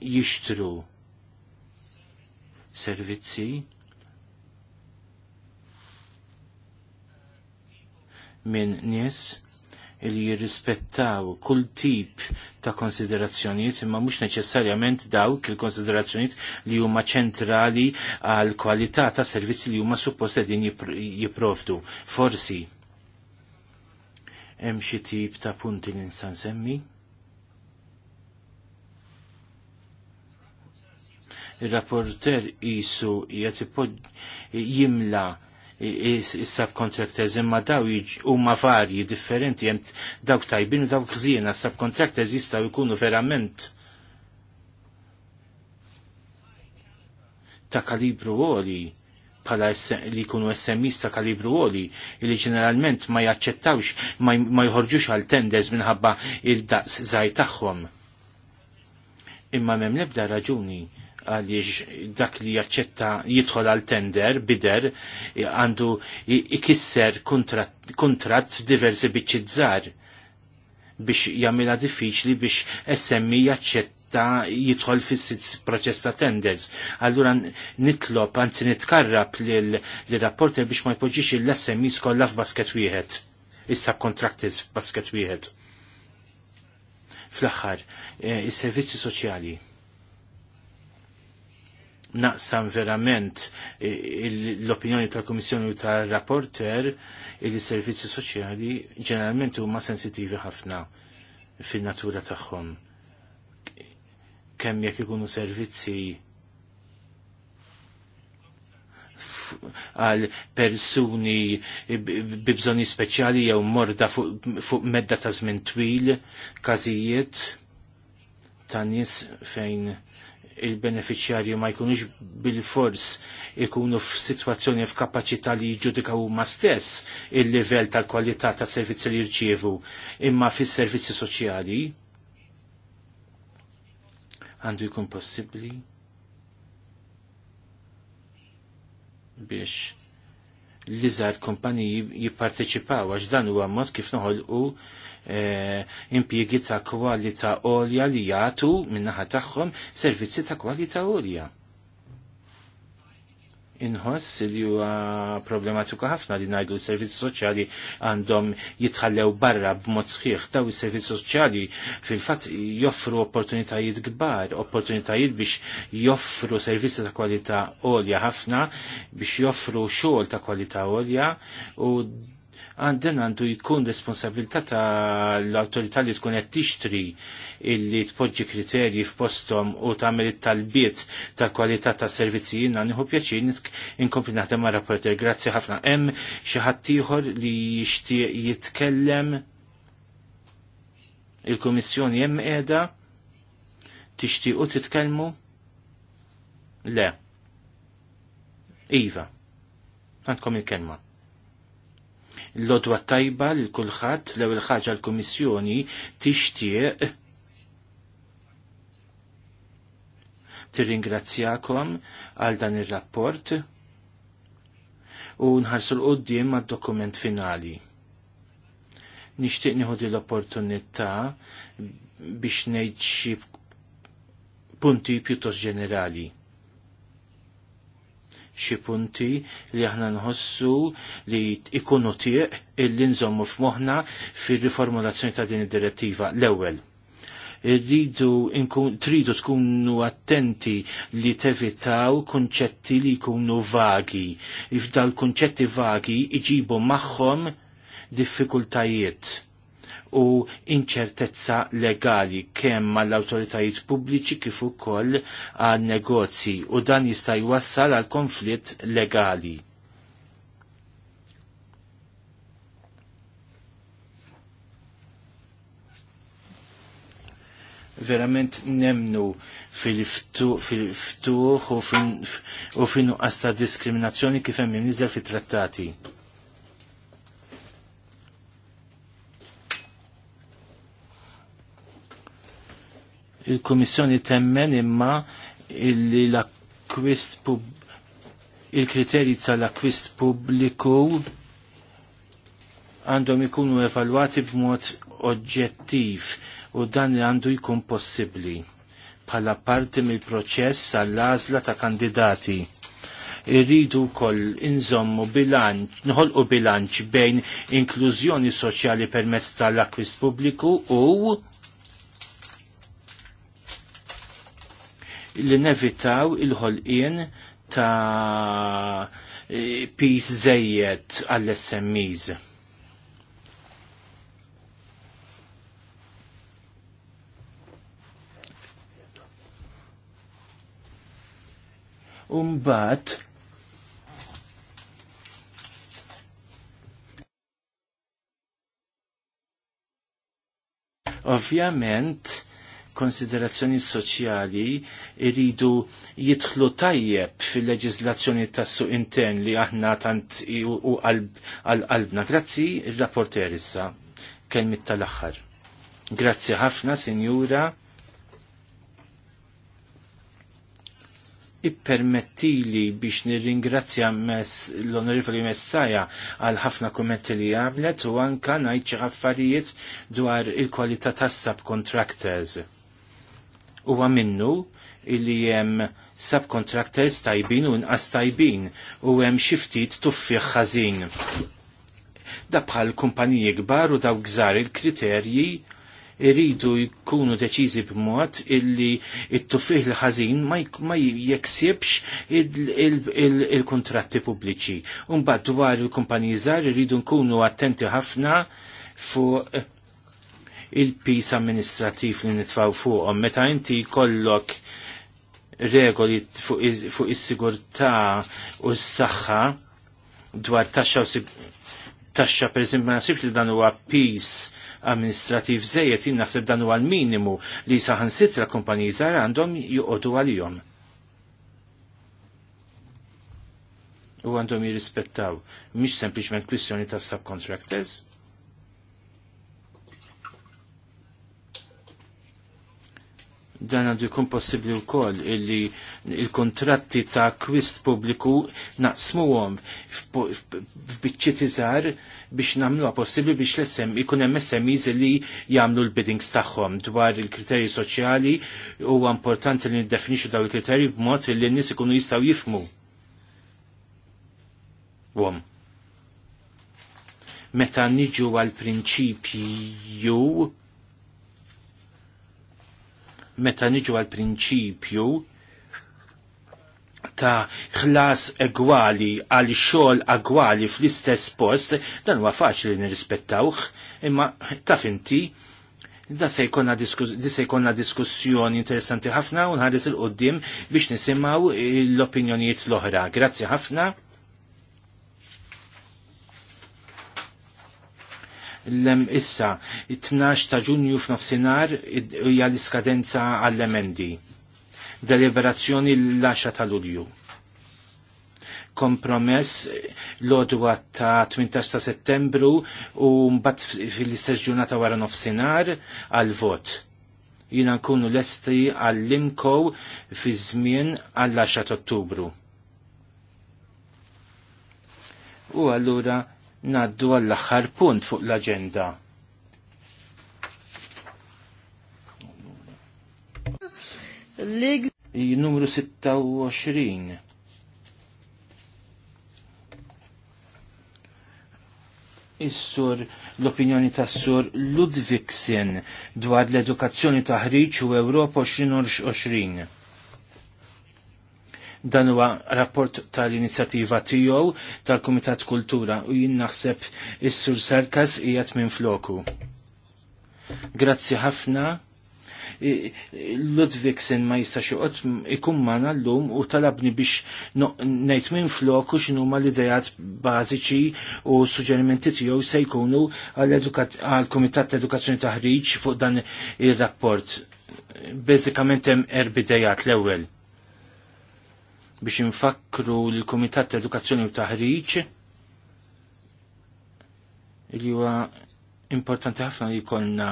jixtru servizzi minn nies li jirrispettaw kull tip ta' konsiderazzjonijiet imma mhux neċessarjament dawk il-konsiderazzjonijiet li huma ċentrali għal kwalità ta' servizzi li huma suppost qegħdin jipprovdu. Forsi hemm xi tip ta' punti li nista' nsemmi? il-rapporter jisu jgħat jimla il-subcontractors imma daw huma varji differenti jem dawk tajbin u dawk ħżiena subcontractors jistgħu jkunu verament ta' kalibru għoli bħala li jkunu SMIs ta' kalibru għoli li ġeneralment ma jaċċettawx ma jħorġux għal tenders minħabba il-daqs zaħi tagħhom. Imma m'hemm l-ebda raġuni għaliex dak li jaċċetta jidħol għal tender bider għandu ikisser kontrat diversi dżar biex jagħmilha diffiċli biex SMI jaċċetta jidħol fis proċess ta' tenders. Allura nitlob, għanzi nitkarrab l-rapporter biex ma jpoġġix l smi skolla f'basket wieħed, issa contractors f'basket wieħed. Fl-aħħar, eh, il servizzi soċjali naqsam verament eh, l-opinjoni tal-Komissjoni u tal-rapporter il-servizzi soċjali ġeneralment huma sensitivi ħafna fin-natura tagħhom. Kemm jekk ikunu servizzi għal persuni bibżoni speċjali jew morda fuq medda ta' żmien twil, każijiet ta' nies fejn il-beneficjarju ma jkunux bil-fors ikunu f-situazzjoni f-kapacità li jġudikaw ma stess il-livell tal-kwalità ta' servizzi li jirċievu imma fis servizzi soċjali għandu jkun possibli biex li żgħar kumpaniji jipparteċipaw għax dan huwa mod kif noħolqu E, impjiegi ta' kwalità olja li jagħtu min-naħa tagħhom servizzi ta' kwalità olja. Inħoss li huwa problematika ħafna li ngħidu s-servizzi soċjali għandhom jitħallew barra b'mod sħiħ daw is-servizzi soċjali fil-fatt joffru opportunitajiet kbar, opportunitajiet biex joffru servizzi ta' kwalità olja ħafna, biex joffru xogħol ta' kwalità olja. u għandin għandu jkun responsabilità l autorità li tkun qed tixtri illi tpoġġi kriterji f'postom u tagħmel it-talbiet tal-kwalità tas-servizzi jiena nieħu pjaċin inkompli naħdem ma' rapporter. Grazzi ħafna. Hemm xi ħadd ieħor li jixtieq jitkellem il-Kummissjoni hemm qiegħda tixtiequ titkellmu? Le. Iva. Għandkom il-kelma l-lodwa tajba l kulħadd l ewwel ħaġa l-Kummissjoni tixtieq tirringrazzjakom għal dan ir-rapport u nħarsu l-qoddim mad dokument finali. Nixtieq nieħu l-opportunità biex ngħid xi punti pjuttost ġenerali xi punti li aħna nħossu li ikunu tieq illi nżommu f'moħħna fir-riformulazzjoni ta' din id-direttiva l-ewwel. Irridu tridu tkunu attenti li tevitaw kunċetti li jkunu vagi. Ifdal kunċetti vagi iġibu magħhom diffikultajiet u inċertezza legali kemm mal awtoritajiet pubbliċi kif ukoll għal negozji u dan jista' jwassal għal konflitt legali. verament nemnu fil-ftuħ u fin-nuqqas ta' diskriminazzjoni kif hemm jinniżel fit-trattati. il-Komissjoni temmen imma illi l pub il-kriterji tal-akwist pubbliku għandhom ikunu evalwati b'mod oġġettiv u dan li għandu jkun possibbli bħala parti mill-proċess għall-għażla ta' kandidati. Irridu kol inżommu bilanċ, nħolqu bilanċ bejn inklużjoni soċjali permezz tal-akwist pubbliku u li nevitaw il-ħolqien ta' e, pis zejjed għall-SMEs. Umbat, ovvjament, konsiderazzjoni soċjali iridu jitħlu tajjeb fil-leġizlazzjoni tas-suq intern li aħna tant u għal-qalbna. Grazzi, il-rapporter issa, kelmit tal-axħar. Grazzi ħafna, sinjura. ippermettili biex nirringrazzja l onorifoli Messaja għal ħafna kummenti li għamlet u anka najċi ħaffarijiet dwar il-kwalità tas subcontractors huwa minnu illi hemm subcontractors tajbin u nqas tajbin u hemm xi ftit tuffieħ ħażin. Da bħal kumpaniji kbar u daw gżar il-kriterji iridu jkunu deċiżi b'mod illi it tuffiħ l-ħażin ma jeksibx il-kontratti pubbliċi. Umbagħad dwar il-kumpaniji żgħar iridu nkunu attenti ħafna fuq il-pis amministrativ li nitfaw fuqhom. Meta inti kollok regoli fuq is-sigurtà u s-saħħa dwar taxxa u taxxa per esempio ma li dan huwa pis amministrativ zejet jien naħseb dan huwa l-minimu li saħan sitra kumpaniji żgħar għandhom joqogħdu għalihom. U għandhom jirrispettaw, mhix sempliċement kwistjoni tas subcontractors dan għandu jkun possibli wkoll illi il-kontratti ta' kwist pubbliku naqsmuhom f'biċċiet iżgħar biex nagħmluha possibbli biex l-SM ikun hemm SMEs li jagħmlu l-biddings tagħhom dwar il-kriterji soċjali huwa importanti li niddefinixxu dawn il-kriterji b'mod li n-nies ikunu jistgħu jifmu. Wom. Meta niġu għal prinċipju meta niġu għal prinċipju ta' ħlas egwali għal xogħol egwali fl-istess post, dan huwa faċli nirrispettawh, imma taf inti da se jkollna diskussjoni interessanti ħafna u nħares il-qoddim biex nisimgħu l-opinjonijiet l-oħra. Grazzi ħafna. l-lem issa, 12 ta' ġunju f'nofsinar hija l-iskadenza għall-emendi. Deliberazzjoni l-10 ta' lulju. Kompromess l-odwa ta' 18 ta' settembru u mbagħad fil-istess ġurnata wara nofsinar għal-vot jina nkunu lesti għall-imkow fi żmien għall-10 ottubru. U allura naddu għall-aħħar punt fuq l-agenda. Numru 26. Is-sur l-opinjoni tas sur Ludvigsen dwar l-edukazzjoni taħriġ u Ewropa 2020. Dan huwa rapport tal-inizjattiva tiegħu tal-Kumitat Kultura u jien naħseb is-Sur Sarkas qiegħed minn floku. Grazzi ħafna. Ludvigsen ma jistax joqgħod ikun magħna llum u talabni biex ngħid minn floku x'inhuma l-idejat bażiċi u suġġerimenti tiegħu se jkunu għall-Kumitat Edukazzjoni Taħriġ fuq dan ir-rapport. Bażikament hemm erbidejat l-ewwel biex infakru l-Kumitat Edukazzjoni u Taħriġ li huwa importanti ħafna li jkollna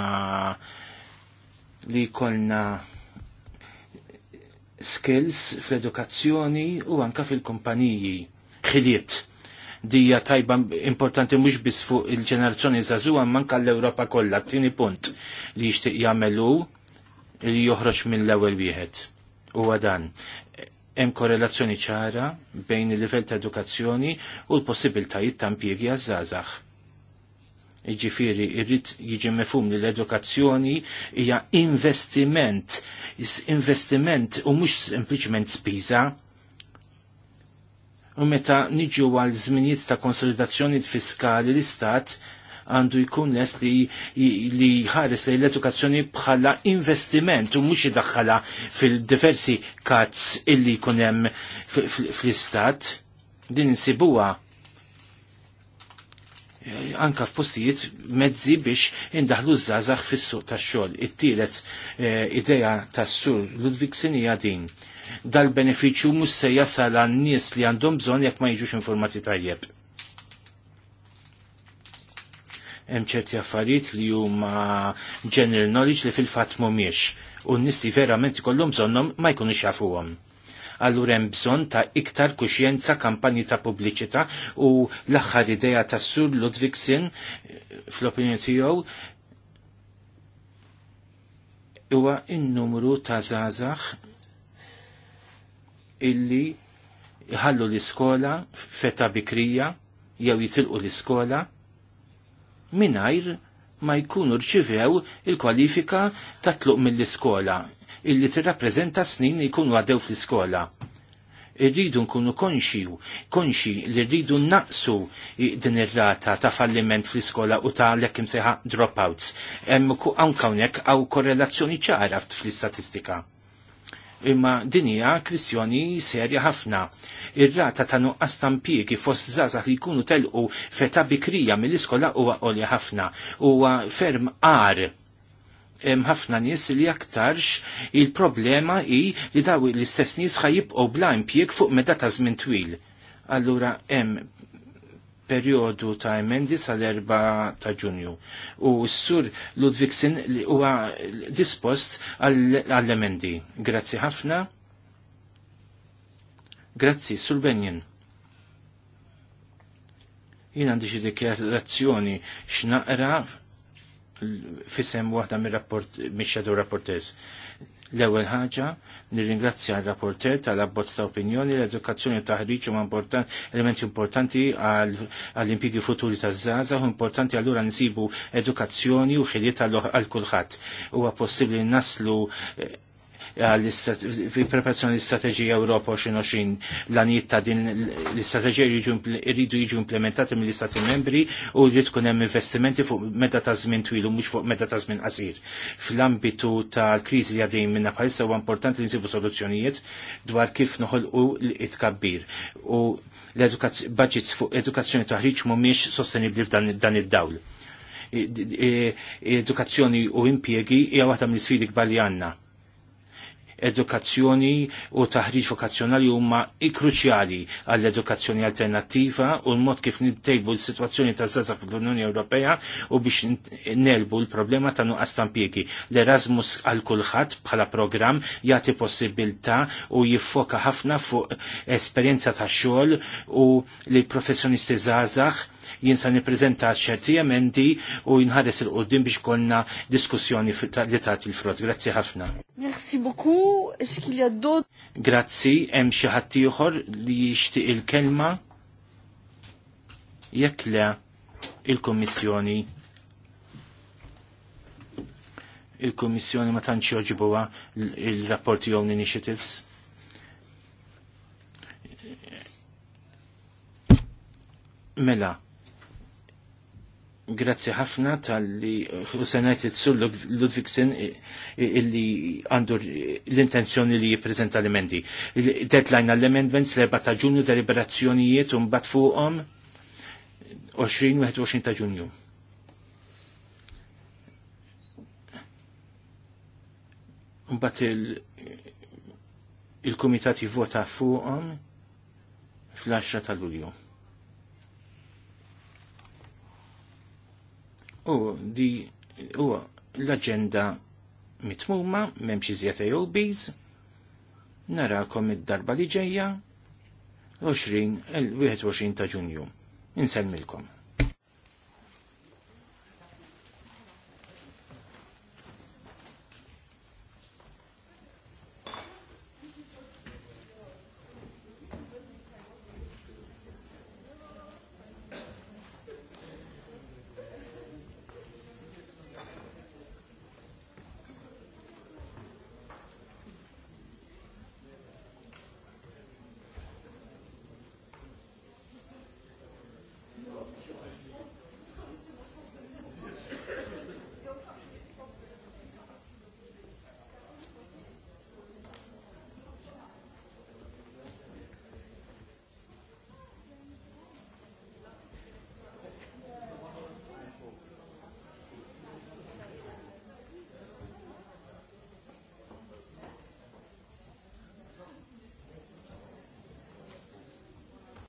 li jkollna skills fl-edukazzjoni u anka fil-kumpaniji ħiliet dija tajba importanti mhux biss fuq il-ġenerazzjoni żagħżugħa manka l-Ewropa kollha. Tieni punt li jixtieq jagħmel li joħroġ minn l-ewwel wieħed. Huwa dan hemm korrelazzjoni ċara bejn il-livell ta' edukazzjoni u l-possibiltajiet ta' impjiegi għaż-żgħażagħ. Iġifieri irrid jiġi mefhum li l-edukazzjoni hija investiment, investiment u mhux sempliċement spiża. U meta niġu għal żminijiet ta' konsolidazzjoni fiskali l-istat għandu jkun les li, li ħares li l-edukazzjoni bħala investiment u mux jidaxħala fil-diversi kazz illi kunem fl-istat din insibuwa eh, anka f'postijiet mezzi biex indaħlu żgħażagħ fis-suq tax-xogħol. It-tielet eh, idea tas-sur Ludwigsin din. Dal-benefiċċju mhux se jasal għan-nies li għandhom bżonn jekk ma jiġux informati tajjeb hemm ċerti affarijiet li huma general knowledge li fil-fatt mhumiex u nisti verament ikollhom bżonnhom ma jkunux jafuhom. Allura hemm bżonn ta' iktar kuxjenza kampanji ta' pubbliċità u l-aħħar idea tas Sur Ludwigsen fl-opinjoni tiegħu huwa n-numru ta' żgħażagħ illi jħallu l-iskola feta bikrija jew jitilqu l-iskola minajr ma jkunu rċivew il-kwalifika ta' tluq mill-iskola illi tirrappreżenta snin li jkunu għaddew fl-iskola. Irridu nkunu konxi, konxi li rridu naqsu din ir-rata ta' falliment fl-iskola u ta' lekk seħa dropouts. Hemm anke hawnhekk għaw korrelazzjoni ċara fl-istatistika imma dinija kwistjoni serja ħafna. Ir-rata ta' nuqqas tampiki fost zazax li jkunu telqu feta bikrija mill-iskola huwa qolja ħafna huwa ferm ar hemm ħafna nies li aktarx il-problema hi li daw l-istess nies ħajibqgħu bla impjieg fuq meta ta' żmien twil. Allura hemm periodu ta' emendi sal-4 ta' ġunju. U s-sur li huwa dispost għall-emendi. Grazzi ħafna. Grazzi, sur Benjen. Jien għandi xi dikjarazzjoni x'naqra fisem waħda mir-rapport mix-xedu rapportess. L-ewwel ħaġa Nirringrazzja l-rapporter tal-abbozz ta' opinjoni l-edukazzjoni u taħriġ huma important, elementi importanti għall-impjigi futuri ta' Zaza, u importanti allura nsibu edukazzjoni u ħiliet għal kulħadd. Huwa possibbli naslu eh, fi preparazzjoni l-istrateġija Ewropa 2020 l-għaniet ta' din l-istrateġija jridu jiġu implementati mill-Istati membri u jrid tkun hemm investimenti fuq meta ta' żmien twil u mhux fuq meta ta' żmien qasir. Fl-ambitu tal-kriżi li għaddejn minna bħalissa huwa importanti li nsibu soluzzjonijiet dwar kif noħolqu l-itkabbir u l-budgets fuq edukazzjoni taħriġ mhumiex sostenibbli f'dan id-dawl. Edukazzjoni u impjegi hija waħda mill isfidi kbar li għandna edukazzjoni u taħriġ vokazzjonali huma kruċjali għall-edukazzjoni alternattiva u l-mod kif nittejbu l-situazzjoni ta' zazak fl-Unjoni Ewropea u biex nelbu l-problema ta' nuqqas tampieki. L-Erasmus għal kulħadd bħala programm jagħti possibilità u jiffoka ħafna fuq esperjenza ta' xogħol u li professjonisti zazax jinsa niprezenta ċerti emendi u jinħares il-qoddim biex konna diskussjoni li tagħti l-frott. Grazzi ħafna. Merci beaucoup. Grazzi, hemm xi ħadd ieħor li jixtieq il-kelma jekk le il kommissjoni il-Kummissjoni ma tantx joġibuha il-rapporti own initiatives. Mela, Grazzi ħafna tal-li Husenajt Itsul Ludwigsen illi għandu l-intenzjoni li jiprezenta l-emendi. Deadline għall emendments l erba ta' ġunju deliberazzjonijiet un bat fuqom 20-21 ta' ġunju. bat il komitati vota jivvota fuqom fl-10 ta' lulju. u di u l-agenda mitmuma memx iżjed AOBs narakom id-darba li ġejja 20 il-21 ta' Ġunju. Inselmilkom.